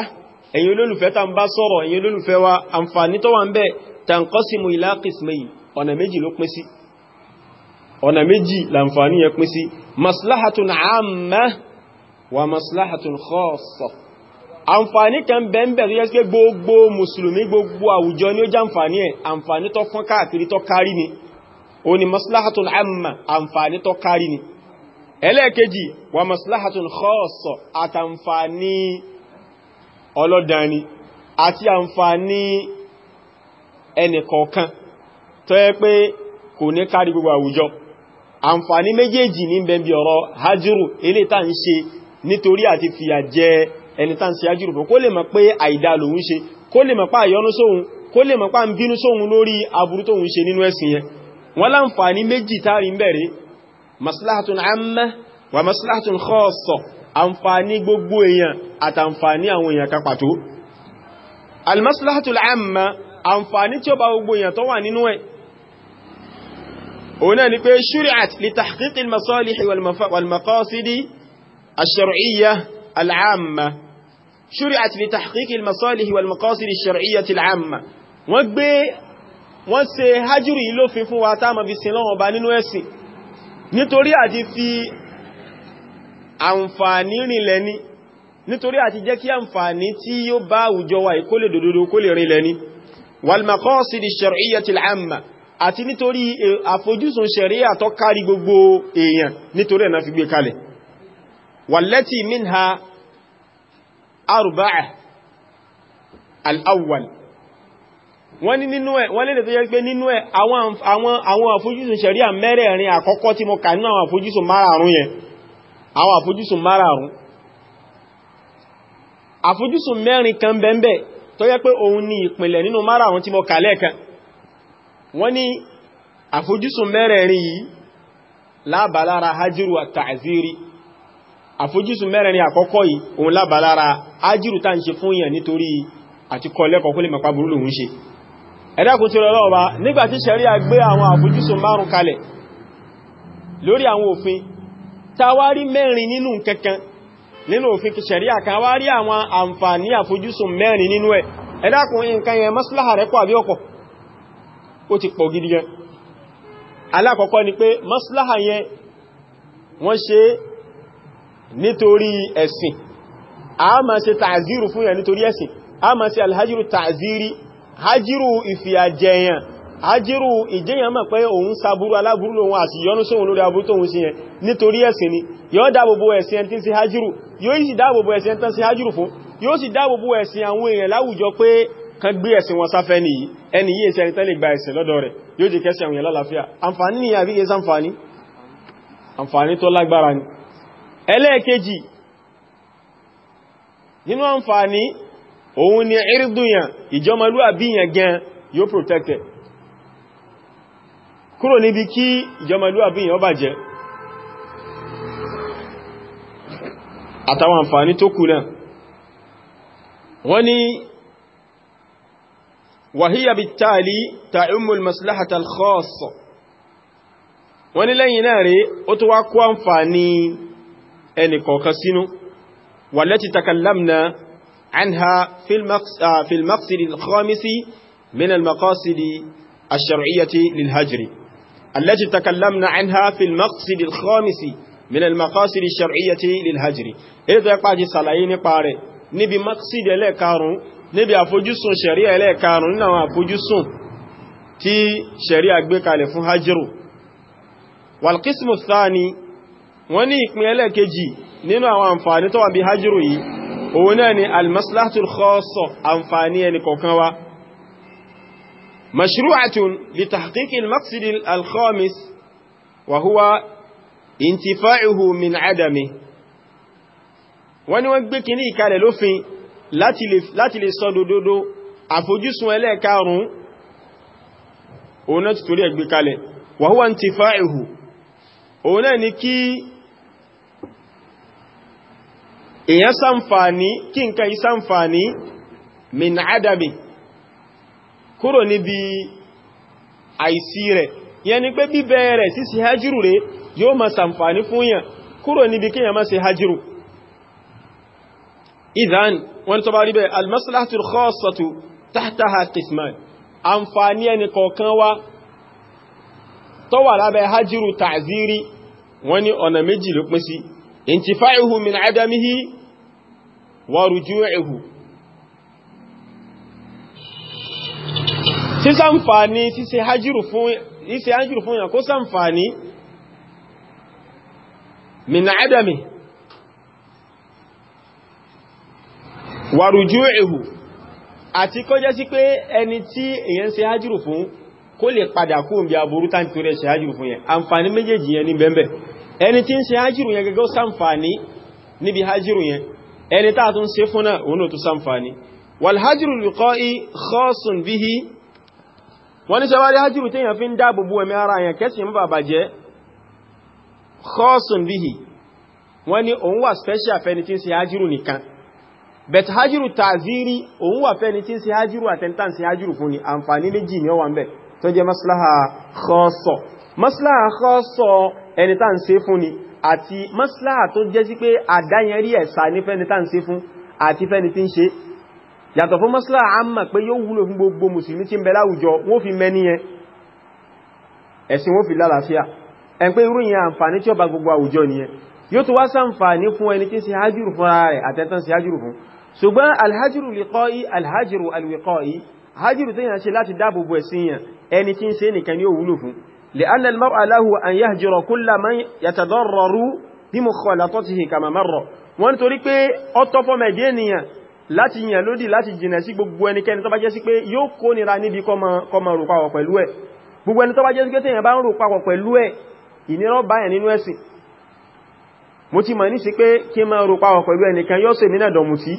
A: ẹ̀yin olólùfẹ́ tá ń bá sọ̀rọ̀ ẹ̀yin olólùfẹ́ wa àǹfàní tó wà ń bẹ tanqasimu ila qismayn ọ̀nà méjì ló pín sí ọ̀nà méjì làǹfààní yẹ pín sí maslahatun amma wa maslahatun khassa àǹfààní kan bẹ́ẹ̀bẹ̀ tó yẹ sí pé gbogbo mùsùlùmí gbogbo àwùjọ ni ó jẹ́ àǹfààní ẹ̀ àǹfààní tó fún káàkiri tó kárí ni ó ní maslahatun amma àǹfààní tó kárí ni ẹlẹ́ẹ̀kejì wa maslahatun khassa àtàǹfààní ọlọ́dani àti kò ní kárí gbogbo àwùjọ àǹfààní méjèèjì ní bẹ̀m̀bì ọ̀rọ̀ hajjúrù ilé tàà ń ṣe nítorí àti fìyà jẹ ẹni tàà ń ṣe hajjúrù fún kó lè mọ̀ pé àìdá lòun ṣe kó lè mọ̀ pá àyọnú sóhun kó lè mọ̀ pá ń bínú sóhun lórí aburú tóhun ṣe nínú ẹ̀sìn yẹn wọ́n láǹfààní méjì wa maslahatun khassa àǹfààní gbogbo èèyàn àtàǹfààní àwọn èèyàn kan pàtó almaslahatul amma àǹfààní tí ó bá òun náà ni pé shuri'at li tahqiqi al-masalih wal maqasidi ash-shar'iyya al-'amma shuri'at li tahqiqi al-masalih wal maqasidi ash-shar'iyya al-'amma wọ́n gbé wọ́n ṣe hajjúrì ìlófin fún wa táàmà fi sin lọ́wọ́ ọba nínú ẹ̀sìn nítorí àti fi àǹfààní rìnlẹ̀ ní nítorí àti jẹ́ kí àǹfààní tí yóò bá àwùjọ wa ìkólè dòdòdó kólè rìnlẹ̀ ní wal maqasidi ash-shar'iyya àti nítorí eh, àfojúsùn ṣẹ̀ríà tó kárí gbogbo èèyàn nítorí ẹ̀nà fi gbé kalẹ̀ wallati minha arba'a al-awwal wọ́n ní nínú ẹ̀ wọ́n lè tó yẹ pé nínú ẹ̀ àwọn àfojúsùn ṣẹ̀ríà mẹ́rẹ̀ẹ̀rin àkọ́kọ́ tí mo kà nínú àwọn àfojúsùn márààrún yẹn àwọn àfojúsùn márààrún àfojúsùn mẹ́rin kan bẹ́ẹ̀ tó yẹ pé òun ni ìpìnlẹ̀ nínú márààrún tí mo kà lẹ́ẹ̀kan wọ́n ní àfojúsùn mẹ́rẹ̀ẹ̀rin yìí lábàlára hajjiru àtàzírí àfojúsùn mẹ́rẹ̀ẹ̀rin àkọ́kọ́ yìí òun lábàlára hajjiru tá ń ṣe fún yàn nítorí àti kọlẹ́kọ̀ọ́ kó lè mọ̀pá burú lòun ṣe ẹ̀dàkùn tí lọ́wọ́ bá nígbàtí ṣẹ̀ríà gbé àwọn àfojúsùn márùn kalẹ̀ lórí àwọn òfin tawárí mẹ́rin nínú kankan nínú òfin ṣẹ̀ríà kan nǹkan yẹn maslaha rẹ̀ pọ̀ àbí ọ̀pọ̀ ó ti pọ̀ gidi gan alákọ̀ọ́kọ́ ni pé maslaha yẹn wọ́n ṣe nítorí ẹ̀sìn a ma ṣe tààzírù fún yẹn nítorí ẹ̀sìn a ma ṣe alhajiru tààzírí hajiru ìfìyàjẹyàn hajiru ìjẹyàn mọ̀ pé òun sàbúrú aláburú lòun àti yọnú sóhun lórí aburú tóhun sí yẹn nítorí ẹ̀sìn ni yóò dáàbòbò ẹ̀sìn ẹni tí ń yóò sì dáàbòbò ẹ̀sìn àwọn èèyàn láwùjọ pé kan gbé ẹ̀sìn wọn sáfẹ́ nìyí ẹni yíè sẹ́ni tẹ́lẹ̀ gba ẹ̀sìn lọ́dọ̀ rẹ̀ yóò jẹ́ kẹsì àwọn èèyàn lálàáfíà àǹfààní ni àbí yẹsà àǹfààní àǹfààní tó lágbára ni ẹlẹ́ẹ̀kejì nínú àǹfààní òun ni ẹ̀rídùnyàn ìjọmọlúàbíyàn gan protected kúrò níbi kí ìjọmọlúàbíyàn ó bàjẹ́ àtàwọn àǹfààní tó وهي بالتالي تعم المصلحة الخاصة wọ́n ní lẹ́yìn náà rí ó tó والتي تكلمنا عنها في المقصد الخامس من المقاصد الشرعية للهجر التي تكلمنا عنها في المقصد الخامس من المقاصد الشرعية للهجر إذا قاعد سلايين قارئ نبي مقصد لكارون níbi àfojúsùn ṣẹ̀ríà ẹlẹ́ẹ̀karùn nínú àwọn àfojúsùn tí ṣẹ̀ríà gbé kalẹ̀ fún hajjiru walqismu thani wọ́n ní ìpín ẹlẹ́ẹ̀kejì nínú àwọn àǹfààní tó wà bí hajjiru yìí òun náà ni almaslahatul khassa àǹfààní ẹni láti lè sọ dododo àfojúsùn ẹlẹ́ẹ̀kárùn òun náà ti torí ẹgbẹ́ kalẹ̀ wa huwa intifa'uhu òun náà ni kí èyàn sàǹfàní kí nǹkan yí sàǹfàní min adami kúrò níbi àìsí rẹ̀ yẹn ni pé bíbẹ̀ rẹ̀ sí sí hajjúrù rẹ̀ yóò ma sàǹfàní fún yàn kúrò níbi kíyàn ma sí hajjúrù ìdán wọ́n tó bá rí bẹ́ almaslahatul khassatu tahtaha qisman àǹfààní ẹni kọ̀ọ̀kan wá tó wà lábẹ́ hajjiru ta'ziri wọ́n ní ọ̀nà méjì ló pín sí intifaihu min adamihi wa ruju'ihu sísàǹfààní síse hajjiru fún ìyàn kó sàǹfààní min adamihi wàrùjú ẹ̀hù àti kó jẹ́ sí pé ẹni tí èyàn ṣe ájúrù fún kó lè padà kú bí aburú tá ń torí ṣe ájúrù fún yẹn àǹfààní méjèèjì yẹn ní bẹ́ẹ̀bẹ̀ ẹni tí ń ṣe ájúrù yẹn gẹ́gẹ́ sáǹfààní níbi ájúrù yẹn ẹni tá tún ṣe fún náà òun tó i kọ́sùn bíhi wọ́n ní ṣe wárí ájúrù tí èyàn fi ń dáàbò bú ẹ̀mí ara yẹn kẹ́sì mú òun wà special fẹ́ni tí ń ṣe ájúrù nìkan bẹ̀t hajjúrù tààzírí òun wà fẹ́ni tí ń ṣe hajjúrù àtẹ́ntàn sí hajjúrù fún ni àǹfààní méjì ni ó wà ń bẹ̀ tó jẹ́ maslaha khassa maslaha khassa ẹni tàn sí fún ni àti maslaha tó jẹ́ sí pé àdáyẹrí ẹ̀sà ní fẹ́ni tàn sí fún àti fẹ́ni tí ń ṣe yàtọ̀ fún maslaha àmà pé yóò wúlò fún gbogbo mùsùlùmí tí ń bẹ láwùjọ wọ́n fi mẹ́ni yẹn ẹ̀sìn wọ́n fi lálàáfíà ẹn pé irú yẹn àǹfààní tí ó bá gbogbo àwùjọ nìyẹn yóò tó wá sáǹfààní fún ẹni tí ń ṣe hajjúrù fún rẹ̀ àtẹ́ntàn sí hajjúrù fún ṣùgbọ́n alhajiru liqa'i alhajiru alwiqa'i hajiru tó yàn ṣe láti dáàbò bo ẹ̀sìn yàn ẹni tí ń ṣe nìkan ni ó wúlò fún li'anna al-mar'a lahu an yahjura kulla man yatadarraru bi mukhalatatihi kama marra wọ́n torí pé ọ̀tọ̀ fọ́ mẹ́jẹ́ ènìyàn láti yàn lódì láti jìnà sí gbogbo ẹnikẹ́ni tó bá jẹ́ sí pé yóò kó nira níbi kọmọ rò papọ̀ pẹ̀lú ẹ̀ gbogbo ẹni tó bá jẹ́ sí pé tẹ́yàn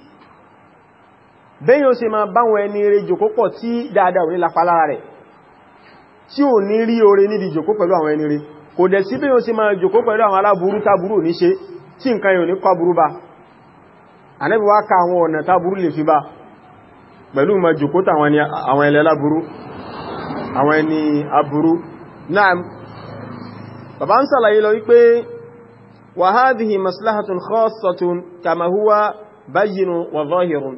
A: bẹ́yìn ó ṣe máa báwọn ẹni rẹ̀ jòkó pọ̀ tí dáadáa òní lápalára rẹ̀ tí ò ní rí oore níbi jòkó pẹ̀lú àwọn ẹni rẹ̀ kò dẹ̀ sí bẹ́yìn ó ṣe máa jòkó pẹ̀lú àwọn aláburú táburú ní ṣe tí nǹkan yóò bá Ànábì wa zahirun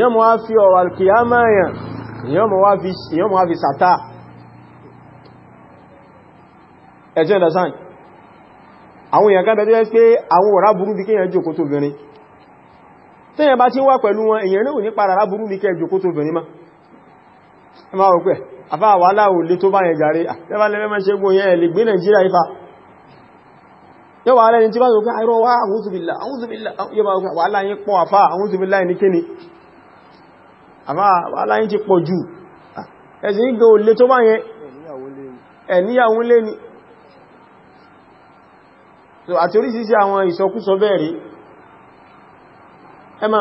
A: yọ́ wá fi ọ̀rọ̀ alkiyama yàn yọ́ mọ̀ wá fi sàtà ẹ̀tí ẹ̀dàsán àwọn èèyàn kábẹ̀ tó yẹ́ pé àwọn ọ̀rá burú bí kíyàn jòkó tó bìnrin tí èèyàn bá ti wá pẹ̀lú wọn èèyàn náà ní padà burú bí kíyàn jòkó tó bìnrin ẹ máa àfáà wà yóò wà lẹ́ni tí bá zùgbà àìrọ wá àwúzùbìlá àwúzùbìlá yóò bá wà láyín pọ̀ àfá àwúzùbìlá ní kíni àfá wà láyín ti pọ̀ jù ẹ̀sìn ìgbò olè tó bá ẹ̀níyàwó lé ní so àti orísìísí àwọn ìsọkúsọ bẹ̀rẹ̀ ẹmà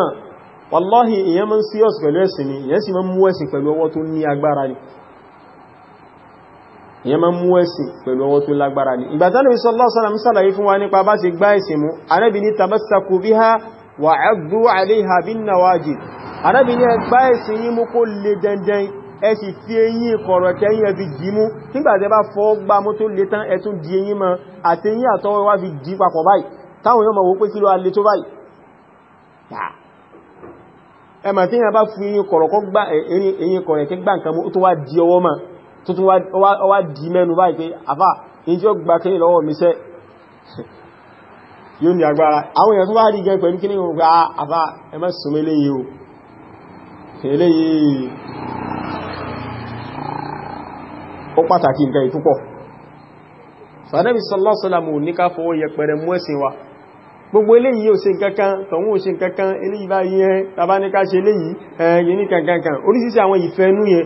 A: wàláhì ìyẹn mọ́ sí ọ̀sì pẹ̀lú ẹ̀sìn ni ìyẹn sì mọ́ mú ẹ̀sìn pẹ̀lú ọwọ́ tó ní agbára ni ìyẹn máa mú ẹ̀sìn pẹ̀lú ọwọ́ tó lágbára ní ìgbàtánà bí sallallahu alaihi wasallam sàlàyé fún wa nípa bá ti gbá ẹ̀sìn mú Ànábì ní tamassaku biha wa 'addu 'alayha bin nawajid Ànábì ní ẹgbá ẹ̀sìn yí mú kó le dandan ẹ sì fi eyín kọ̀rọ̀ tẹ́yìn ẹ fi jí mú nígbàtẹ́ bá fọ́ gbá mú tó le tán ẹ tún di eyín mọ́ àti tó tún wá dì mẹ́nu báyìí pé àfà ní tí ó gba kí lọ́wọ́ mi sẹ́ yóò ní agbára àwọn èèyàn tó bá rí gẹ pẹ̀lú kí ní gbogbo àfà ẹ má sùn eléyìí o eléyìí ó pàtàkì nǹkan ìtúpọ̀ sàdẹ́bì sọlọ́sọ́làmù ní ká fọwọ́ yẹpẹrẹ mú ẹ̀sìn wa gbogbo eléyìí ò ṣe nǹkankan tọ̀hún ò ṣe nǹkankan eléyìí bá yẹn tàbá ní ká ṣe eléyìí ẹ̀yìn ní kankankan oríṣiríṣi àwọn ìfẹ́ nú yẹn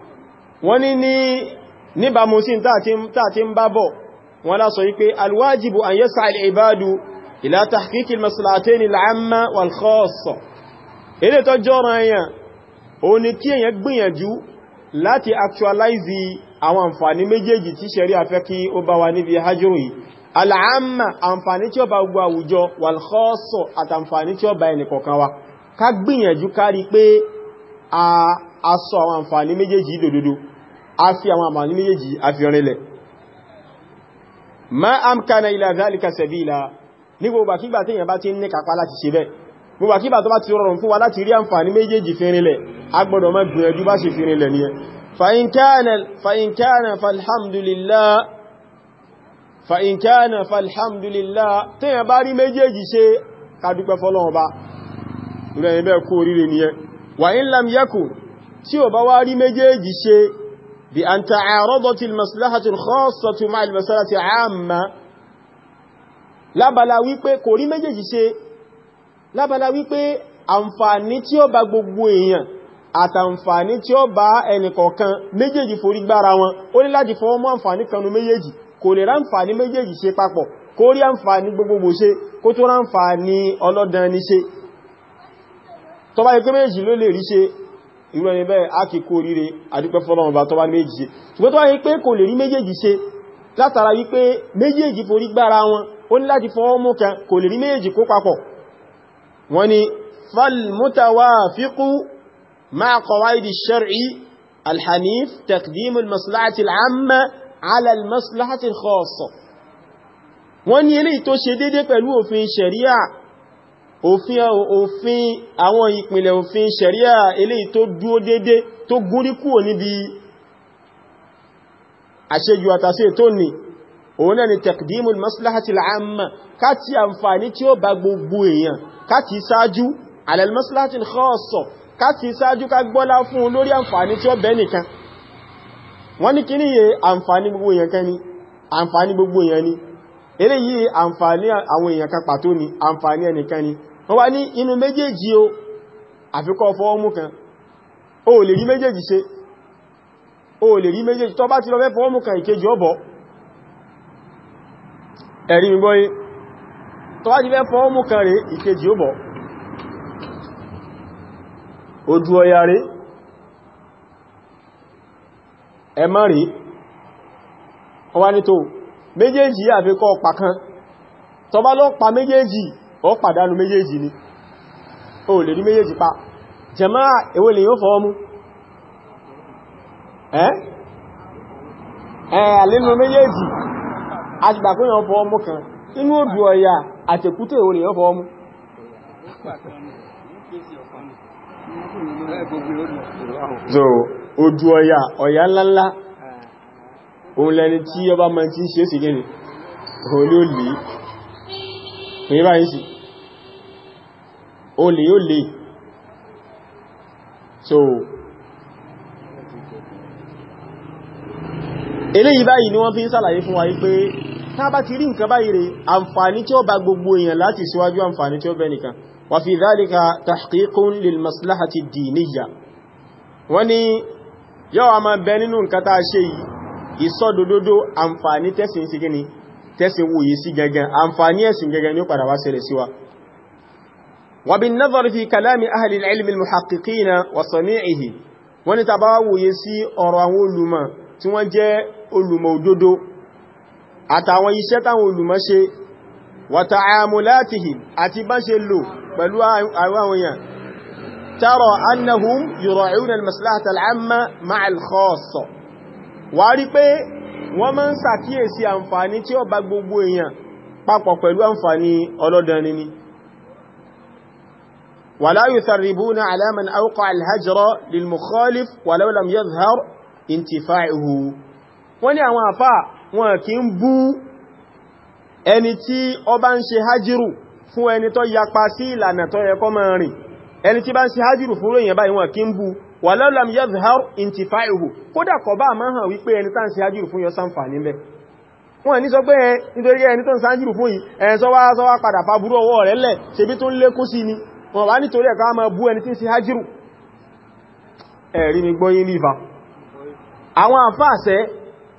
A: wọ́n ní ní níbàmú sí tààtí ń bá bọ̀ wọ́n lá sọ wípé alwájìbù an yas'a al-ibadu ila tahqiqi al-maslahatayn al-'amma wal-khassa ilé tó jọ́rọ̀ èèyàn ó ní kí èèyàn gbìyànjú láti actualize àwọn àǹfààní méjèèjì tí ṣẹ̀rí afẹ́ kí ó bá wa níbi hajjúrù yìí al'amma àǹfààní tí ó a sọ àwọn àǹfààní méjèèjì dòdòdó a fi àwọn àmàlí méjèèjì a fi rinlẹ̀ ma amkana ila dhalika sabila ní gbogbo àkígbà tí èyàn bá ti ní kápá láti ṣe bẹ́ẹ̀ gbogbo àkígbà tó bá ti rọrùn fún wa láti rí àǹfààní méjèèjì fi rinlẹ̀ a gbọ́dọ̀ má gbìyànjú bá ṣe fi rinlẹ̀ ni فإن كان فإن كان فالحمد لله فإن كان فالحمد لله tẹ́yàn ba ire be ku orire ni e wa in lam yakun tí ó bá wá rí méjèèjì ṣe بأن تعارضت المصلحة الخاصة مع المصلحة العامة lábala wípé kò rí méjèèjì ṣe lábala wípé àǹfààní tí ó bá gbogbo èèyàn àtàǹfààní tí ó bá ẹnìkọ̀ọ̀kan méjèèjì forí gbára wọn ó ní láti fọwọ́ mọ́ àǹfààní kanú méjèèjì kò lè ráǹfààní méjèèjì ṣe papọ̀ kó rí àǹfààní gbogbogbò ṣe kó tó ráǹfààní ọlọ́dàn ní ṣe tó bá yẹ pé méjèèjì ló lè rí ṣe irú ẹni bẹ́ẹ̀ á kì kó ríre adúpẹ́ fọ́lọ́mọba tó bá ní méjì ṣe ṣùgbọ́n tó wá pé kò lè rí méjèèjì ṣe látara wípé méjèèjì forí gbára wọn ó ní láti fọwọ́ mú kan kò lè rí méjèèjì kó papọ̀ wọ́n ni falmutawafiqu ma'a òfin òfin àwọn ìpìlẹ̀ òfin ṣẹ̀ríà eléyìí tó dúó dédé tó gúnrí kúrò níbi àṣejù àtàṣe tó ní òun náà ni taqdimul maslahati al'amma káti àǹfààní tí ó bá gbogbo èèyàn káti sáájú ala al-maslahati al-khassa káti sáájú ká gbọ́lá fún lórí àǹfààní tí ó bẹ́ nìkan wọ́n ní kíní yẹ àǹfààní gbogbo èèyàn kan ni àǹfààní gbogbo èèyàn ni eléyìí àǹfààní àwọn èèyàn kan pàtó ni àǹfààní ẹnìkan ni wọ́n wá ní inú méjèèjì o àfikọ́ fọwọ́ mú kan o lè rí méjèèjì ṣe o lè rí méjèèjì tó bá ti lọ fẹ́ fọwọ́ mú kan ìkejì ọbọ̀ ẹ̀rí mi gbọ́yé tó bá ti fẹ́ fọwọ́ mú kan rẹ̀ ìkejì ọbọ̀ ojú ọya rẹ̀ ẹmọ́ rẹ̀ wọ́n wá ní tó méjèèjì àfikọ́ ọpa kan tó bá lọ pa méjèèjì ó pàdánù méjèèjì ni ó lè rí méjèèjì pa jàmáà èwo lè yóò fọ́ mú ẹ́ àlẹ́nu méjèèjì àtìgbà pé yàn fọ́ mú kan inú òbí ọ̀yà àtẹ̀kútẹ̀ èwo lè yóò fọ́ mú so ojú ọ̀yà ọ̀yà ńláńlá òun lẹni tí ọba mọ̀ tí ń ṣe sí gẹ́ni òun ló lè pè báyìí sí olè yóò so eléyìí báyìí ni wọ́n fi ń sàlàyé fún wa wípé tá bá ti rí nǹkan báyìí rẹ̀ àǹfààní tí ó bá gbogbo èèyàn láti síwájú àǹfààní tí ó bẹ́ nìkan wà fi dhalika tahqiqun lil maslahati diniyya wọ́n ni yọ́ a máa bẹ nínú nǹkan tá a ṣe yìí وبالنظر في كلام أهل العلم المحققين وصنيعه ونتباو يسي أراه لما تنجى لما ودودو أتاوى يشتا لما شيء وتعاملاتهم أتباشي له بل أواويا ترى أنهم يراعون المصلحة العامة مع الخاصة واريبي ومن ساكيه سي أنفاني تيو بقبوبوين papọ̀ pẹ̀lú àǹfààní ọlọ́dẹni ni ولا يثربون على من أوقع الهجر للمخالف ولو لم يظهر انتفاعه wọ́n ní àwọn àfá wọn kì ń bú ẹni tí ó bá ń ṣe hajjiru fún ẹni tó yapa sí ìlànà tó yẹ kó máa rìn ẹni tí bá ń ṣe hajjiru fún èyàn báyìí wọn kì ń bú walau lam yadhhar intifa'uhu kódà kò bá máa hàn wípé ẹni tá ń ṣe hajjiru fún yọ sáǹfà níbẹ̀ wọ́n ní sọ pé ẹ nítorí ẹni tó ń ṣe hajjiru fún yìí ẹ̀ sọ wá sọ wá padà fa burú ọwọ́ rẹ̀ lẹ̀ ṣebí tó ń lékún sí ni wọ́n wá nítorí ẹ̀kọ́ a máa bú ẹni tí ń ṣe hajjiru ẹ̀rí mi gbọ́yìn lífà àwọn àfáàṣẹ́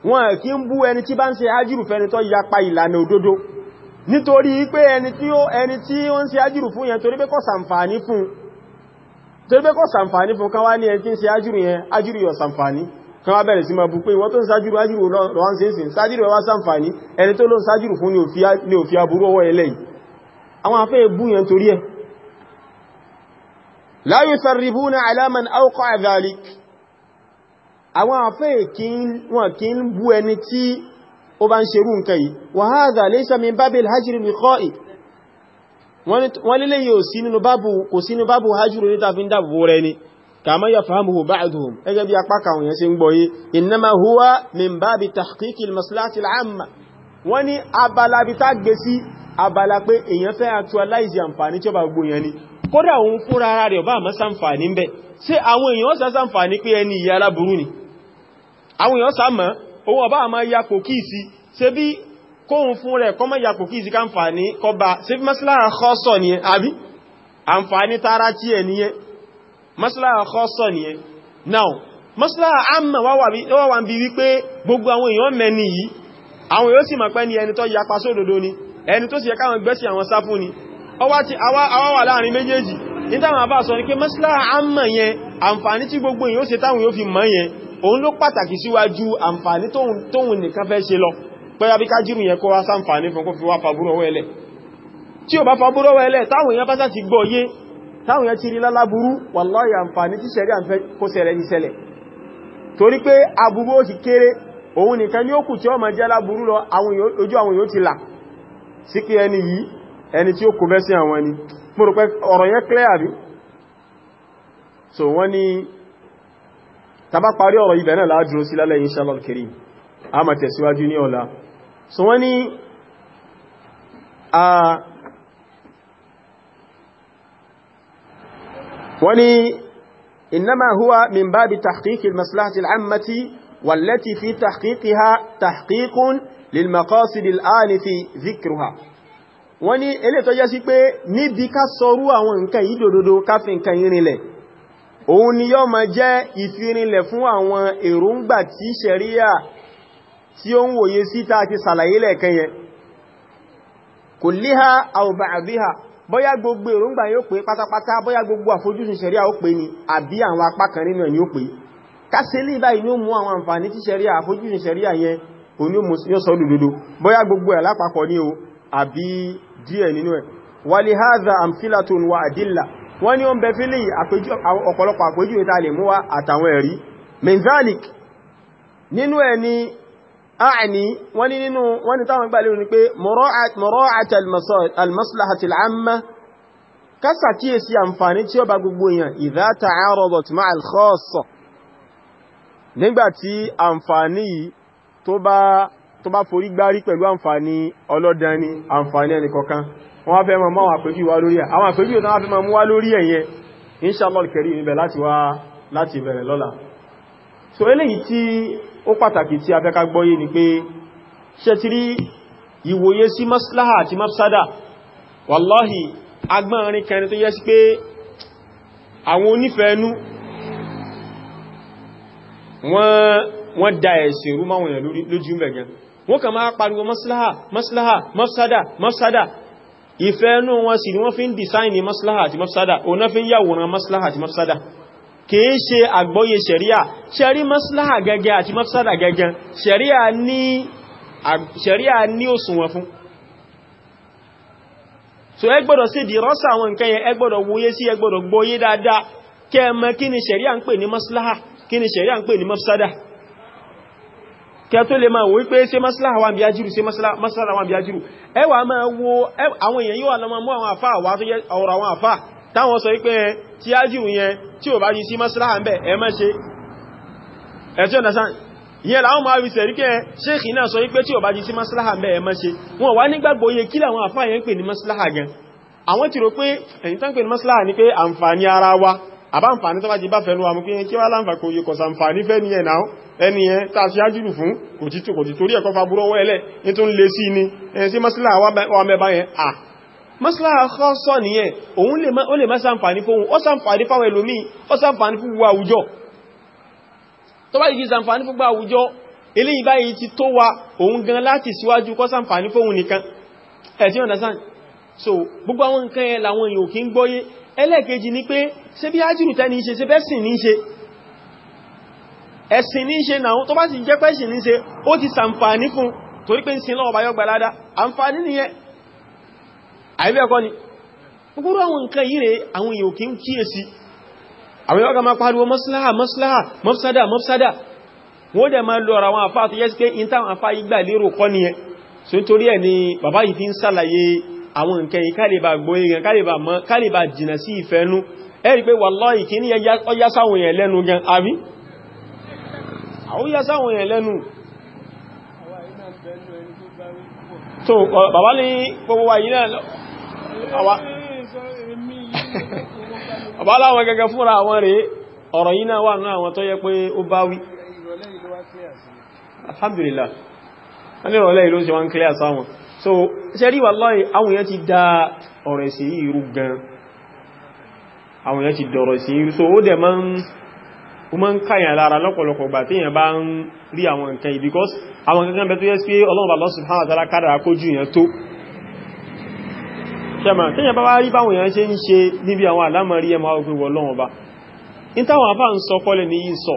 A: wọn kí ń bú ẹni tí bá ń ṣe hajjiru fẹ́ni tó yapa ìlànà òdodo nítorí pé ẹni tí ó ń hajjiru fún yẹn torí pé fún ẹni tí ń hajjiru yẹn hajjiru yọ kan wá bẹ̀rẹ̀ sí bú pé tó ń sájúrù lọ ń sájúrù ẹwà ẹni tó ń sájúrù fún ní òfíà burú ọwọ́ لا yusarribuna على من awqa ذلك àwọn àfẹ́ wọn kí ń bú ẹni tí ó bá ń ṣerú nǹkan yìí wa hadha laysa min babil hajri liqa'i wọ́n lélẹ̀ yóò sí nínú bábù kò sí nínú bábù hajjúrò níta fi ń dáàbò rẹ ni kama yafhamuhu ba'duhum ẹgẹ́ bí apá kàwọn yẹn ṣe ń gbọ́yé innama huwa min babi tahqiqil maslahati al'amma wọ́n ní abala bí tá gbé abala pé èèyàn fẹ́ actualize àǹfààní tí ó bá gbogbo yẹn ni kódà òun fúnra ara rẹ̀ ọba àmọ́ sàǹfààní ń bẹ ṣé àwọn èèyàn sá sàǹfààní pé ẹni ìyá aláburú ni àwọn èèyàn sá mọ́ òun ọba àmọ́ yapò kíìsì ṣe bí kóhun fún rẹ̀ kọ́mọ́ yapò kíìsì káǹfààní kọba ṣe bí maslára kọ́sọ̀ nìyẹn àbí àǹfààní tara tí ẹ̀ nìyẹn maslára kọ́sọ̀ nìyẹn now maslára àmọ́ wá wà bí wípé gbogbo àwọn èèyàn mẹ́ni yìí àwọn èèyàn sì mọ̀ pé ni ẹni tó yapa sódodo ni ẹni tó sì yẹ káwọn gbẹ́sì àwọn sáfún ni ọwá ti àwáwà láàrin méjèèjì ní táwọn àbá sọ ní pé maslaha àmà yẹn àǹfààní tí gbogbo èyàn ó ṣe táwọn yóò fi mọ̀ yẹn òun ló pàtàkì síwájú àǹfààní tóhun nìkan fẹ́ ṣe lọ pẹ́yà bí kájírù yẹn kó wá sáǹfààní fún kó fi wá fàbúrọ̀wọ́ ẹlẹ̀ tí ò bá fàbúrọ̀wọ́ ẹlẹ̀ táwọn èyàn bá sá ti gbọ́ yé táwọn sí pé ẹni yìí ẹni tí ó kò fẹ́ sí àwọn ẹni mo rò pé ọ̀rọ̀ yẹn clear àbí so wọ́n ni tàbá parí ọ̀rọ̀ ibẹ̀ náà láàdúró sí lálẹ́ inshallah kiri a máa tẹ̀síwájú ní ọ̀la so wọ́n ni a wọ́n ni innama huwa min babi tahqiqi al-maslahati al fi tahqiqiha tahqiqun lil maqasid al-anifi dhikruha wọ́n ní eléyìí tó jẹ́ sí pé níbi ká sọrú àwọn nǹkan yìí dòdòdó ká fi nǹkan yìí rinlẹ̀ òun ni yọ́ ma jẹ́ ìfirinlẹ̀ fún àwọn èròǹgbà tí ṣẹ̀ríyà tí ó ń wòye sí tá sàlàyé lẹ́ẹ̀kan yẹn kulliha gbogbo èròǹgbà yóò pé pátápátá bóyá gbogbo àfojúsùn ṣẹ̀ríà ó pé ni àbí àwọn apá nínú ó báyìí ni ó o díẹ̀ nínú ẹ̀ wàlì haza amfilatun wa adilla wọ́n ni ó ń bẹ fílì ọ̀pọ̀lọpọ̀ àpójú ìta lè mú wa àtàwọn ẹ̀rí menzalik nínú ẹ̀ ni àìní wọ́n ni nínú wọ́n ni táwọn gbàlérò ni pé mura'at al-maslahati al-amma kásà kíyèsí àǹfààní tí ó bá gbogbo èèyàn idha ta'aradat tó bá forí gbárí pẹ̀lú àǹfààní ọlọ́dàn ni àǹfààní ẹnì kọ̀ọ̀kan wọ́n wá fẹ́ mọ́ máwọn àpèjú wá lórí ẹ̀ àwọn àpèjú tó fẹ́ mọ́ mú wá lórí ẹ̀yẹ inshallah kẹrí níbẹ̀ láti wá láti bẹ̀rẹ̀ lọ́la so eléyìí tí ó pàtàkì tí a wallahi agbọ́nrin kẹrin tó yẹ sí pé àwọn onífẹ́ẹnú wọ́n da ẹ̀sìn rú máwọn èèyàn lójú mẹ́gẹ̀ẹ́ wọ́n kàn máa pariwo maslaha maslaha mafsada mafsada ìfẹ́ ẹnu wọn sì ni wọ́n fi ń dìsáìnì maslaha àti mafsada òun fi ń yàwòrán maslaha àti mafsada kìí ṣe àgbọ́yé ṣẹ̀ríà ṣẹ̀rí maslaha gẹ́gẹ́ àti mafsada gẹ́gẹ́ ṣẹ̀ríà ní ṣẹ̀ríà fún so ẹ gbọ́dọ̀ sí di rọ́sà àwọn nǹkan yẹn ẹ gbọ́dọ̀ wòye sí ẹ gbọ́dọ̀ gbọ́yé dáadáa kẹ́ mọ̀ kí ni ṣẹ̀ríà ń pè ní maslaha kí ni ṣẹ̀ríà ń pè ní mafsada kẹ tó lè máa wò wípé ṣe masláhà wà ń bí ajírù ṣe masláhà wà ń bí ajírù ẹwà máa wo àwọn èèyàn yíwà lọ máa mú àwọn àfáà wà tó yẹ ọ̀rọ̀ àwọn àfáà táwọn sọ wípé tí ajírù yẹn tí ò bá jí sí masláhà ń bẹ̀ ẹ má ṣe ẹ̀tí ọ̀nàsán yẹn láwọn máa rí sẹ̀ríkẹ́ ṣéèkì náà sọ wípé tí ò bá jí sí masláhà ń ẹ má ṣe wọn wá nígbàgbọ́ yẹ kí làwọn àfáà yẹn pè ní masláhà gan àwọn ti pé ẹ̀yìn tán pè ní masláhà ni pé àǹfààní ara wa àbáǹfàní tó bá jí bá fẹ́lú àmú pé kí wá láǹfà kò yíkọ̀ sàǹfàní fẹ́ ní ẹ̀nà ẹni ẹ tàà sí ájúrù fún kò títò kò títorí ẹ̀kọ́ fa búrọ́wọ́ ẹlẹ́ ní tó ń lè sí ni ẹni sí mọ́sílá wà mẹ́bá yẹn à mọ́sílá sọ nìyẹn òun lè má sàǹfàní fóun ó sàǹfàní fáwọn ẹlòmí ó sàǹfàní fún gbogbo àwùjọ tó bá yìí sàǹfàní fún gbogbo àwùjọ so gbogbo àwọn nǹkan ẹ̀ làwọn èèyàn ẹlẹ́ẹ̀kejì ni pé ṣe bí ájìrù tẹ́ ní ṣe ṣe fẹ́sìn ní ṣe ẹ̀sìn ní ṣe náà tó bá ti jẹ́ pẹ́sìn ní ṣe ó ti sàǹfàní fún torí pé ń sin lọ́wọ́ bayọ́ gbalada àǹfàní nìyẹn àìbẹ́ẹ̀kọ́ ni gbogbo àwọn nǹkan yìí rẹ̀ àwọn èèyàn kí ń kíyèsí àwọn èèyàn kan máa pariwo mọ́síláà mọ́síláà mọ́sádà mọ́sádà wọ́n dẹ̀ máa lọ àwọn àfáà tó yẹ́ sí pé àfáà yìí gbà lérò so nítorí ẹ̀ ni bàbá yìí fi ń sàlàyé àwọn nǹkan yìí kálẹ̀bà gbóyé gan kálẹ̀bà jìnà sí ìfẹ́nú ẹ̀rí pé wàláhì kí ní ọya sáwọn èèyàn lẹ́nu gan àbí àwọn ya sáwọn èèyàn lẹ́nu (laughs) wà tó yẹ pé alhamdulillah wọ́n ní ìlú ṣe wọ́n ń kílẹ̀ sáwọn so ṣẹ́rí wàláhì àwọn èèyàn ti dá ọ̀rọ̀ ẹ̀sìn yìí irú gan àwọn èèyàn ti dọ̀rọ̀ ẹ̀sìn irú so ó dẹ̀ máa ń ó máa ń káyàn lára lọ́pọ̀lọpọ̀ gbà tí èèyàn bá ń rí àwọn nǹkan yìí because àwọn kankan bẹ tó yẹ pé Ọlọ́run Allah subhanahu wa ta'ala kádàrá kójú èèyàn tó ṣẹ́mà tí èèyàn bá wá rí báwọn èèyàn ṣe ń ṣe níbi àwọn àlámọ̀rí ẹmọ àwọn ògbéwọ̀ Ọlọ́run ọba ní táwọn àbá ń sọ kọ́lẹ̀ ní yìí sọ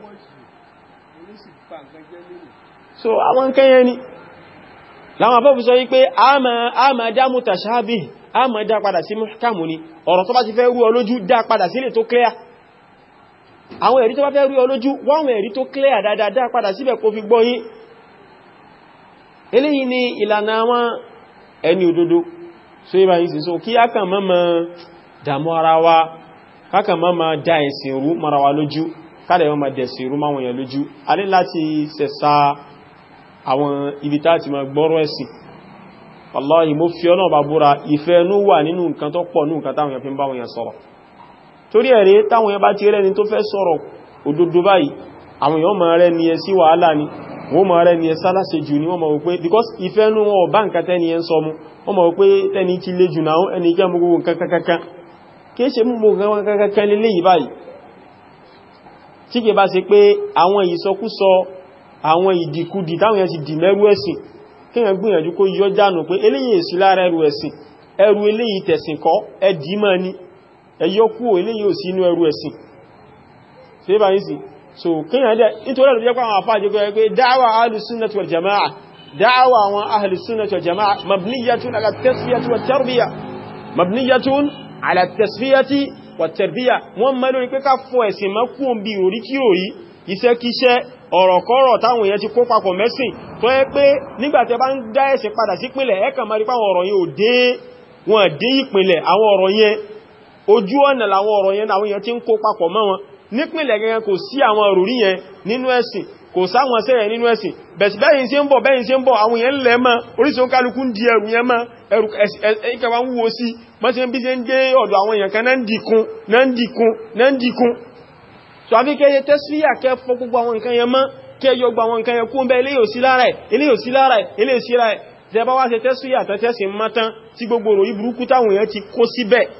A: so àwọn nǹkan yẹn ni láwọn afọ́fù sọ wípé a máa dá mutashabi a máa dá padà sí muhkamu ni ọ̀rọ̀ tó bá ti fẹ́ rú ọlójú dá padà sílẹ̀ tó clear àwọn ẹ̀rí tó bá fẹ́ rú ọlójú wọ́n ẹ̀rí tó clear dáadáa dá padà síbẹ̀ kó fi gbọ́yìn eléyìí ni ìlànà àwọn ẹni so ibà so kí á kàn mọ́ mọ́ dàmú ara wa ká kálẹ̀ wọn ma dẹ̀sì rú máwọn èèyàn lójú alẹ́ láti sẹ̀sà àwọn ibi tá ti ma gbọ́rọ̀ ẹ̀sìn wàláhì mo fi ọlọ́ọ̀bá búra ìfẹ́ ẹnú wà nínú nǹkan tó pọ̀ nínú nǹkan táwọn èèyàn fi ń báwọn èèyàn sọ̀rọ̀ torí ẹ̀rẹ́ táwọn ni ẹ sí wàhálà ni ni ẹ sálàṣe jù ni because ìfẹ́ ẹnú wọn ọ̀bá nǹkan tẹ́ni ẹ ń sọ mu wọ́n ma wò pé tẹ́ni ti le jù náà ẹni jẹ́ mú tí kì bá ṣe pé àwọn ìsọkúsọ àwọn ìdìkudì táwọn yẹn ti dì mẹ́rú ẹ̀sìn kéèyàn gbìyànjú kó yọ dànù pé eléyìí èsì lára ẹrù ẹ̀sìn ẹrù eléyìí tẹ̀sìn kọ́ ẹdì ni ẹyọ kú eléyìí inú ẹrù ẹ̀sìn so kéèyàn dẹ̀ nítorí ẹ̀rù jẹ́ pé àwọn àfáàjẹ́ pé pé dáwà alùsùnàtì wal jama'a dáwà àwọn alùsùnàtì wal wa tarbiya mabniyatun ala wàtẹ̀rbíyà wọ́n mẹ́ lórí pé ká fọ ẹ̀sìn mọ́ kú òun bí orí kí òrí iṣẹ́kíṣẹ́ ọ̀rọ̀kọ́rọ̀ táwọn èèyàn ti kó papọ̀ mẹ́sìn tó ẹ pé nígbàtẹ́ bá ń dá ẹ̀sìn padà sípìnlẹ̀ ẹ̀kàn máa rí pé àwọn ọ̀rọ̀ yẹn ò dé wọn àwọn kò sáwọn sẹ́yẹ̀ nínú ẹ̀sìn bẹ̀sì bẹ́yìn sí ń bọ̀ bẹ́yìn sí ń bọ̀ àwọn èèyàn lẹ́ mọ́ orísun kálukú ń di ẹrù yẹn mọ́ ẹrù ẹ̀kẹwà ń wo sí mọ́sí bí ṣe ń dé ọ̀dọ̀ àwọn èèyàn so àfi kẹyẹ tẹ́síríà kẹ fọ́ gbogbo àwọn nǹkan yẹn mọ́ kẹ yọ gbogbo àwọn nǹkan yẹn kún bẹ́ ilé yóò sí lára ẹ̀ ilé yóò sí lára ẹ̀ ilé yóò sí lára ẹ̀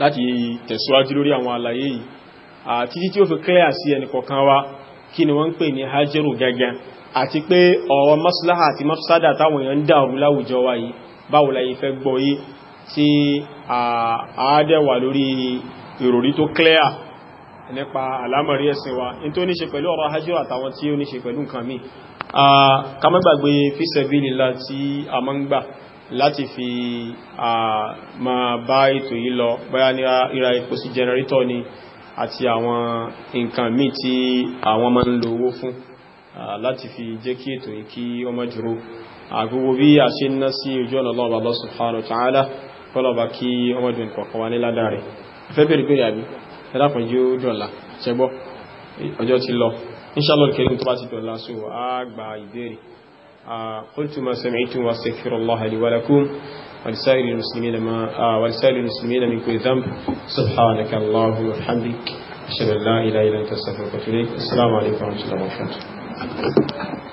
A: láti tẹ̀síwájú lórí àwọn àlàyé yìí àti tí ó fi clear sí ẹni kọ̀kan wa kí ni wọ́n ń pè ní hajjẹ́rù gẹ́gẹ́ àti pé ọ̀rọ̀ maslaha àti mafsada táwọn èèyàn ń dàrú láwùjọ wa yìí báwo la yìí fẹ́ gbọ́ yìí tí àádẹ́wà lórí ìròrí tó clear nípa àlámọ̀rí ẹ̀sìn wa in tó ní a láti fi ma bá ètò yìí lọ bóyá ní ìra epo sí jẹnẹrétọ̀ ni àti àwọn nǹkan míì tí àwọn máa ń lo owó fún láti fi jẹ́ kí ètò yìí kí ó má dúró àgbogbo bí a ṣe ń ná sí ojú ọ̀nà lọ́wọ́ Allah subhanahu wa ta'ala kọ́lọ̀bá kí ọmọ ìdùn kọ̀ọ̀kan wá ní ládàá rẹ̀ fẹ́ bèèrè pé inshallah kẹrin tó bá ti dọ̀la so a gba قلت ما سمعتم واستغفر الله لي ولكم ولسائر المسلمين ما آه، ولسائر المسلمين من كل ذنب سبحانك اللهم وبحمدك أشهد أن لا إله إلا أنت أستغفرك وأتوب إليك السلام عليكم ورحمة الله وبركاته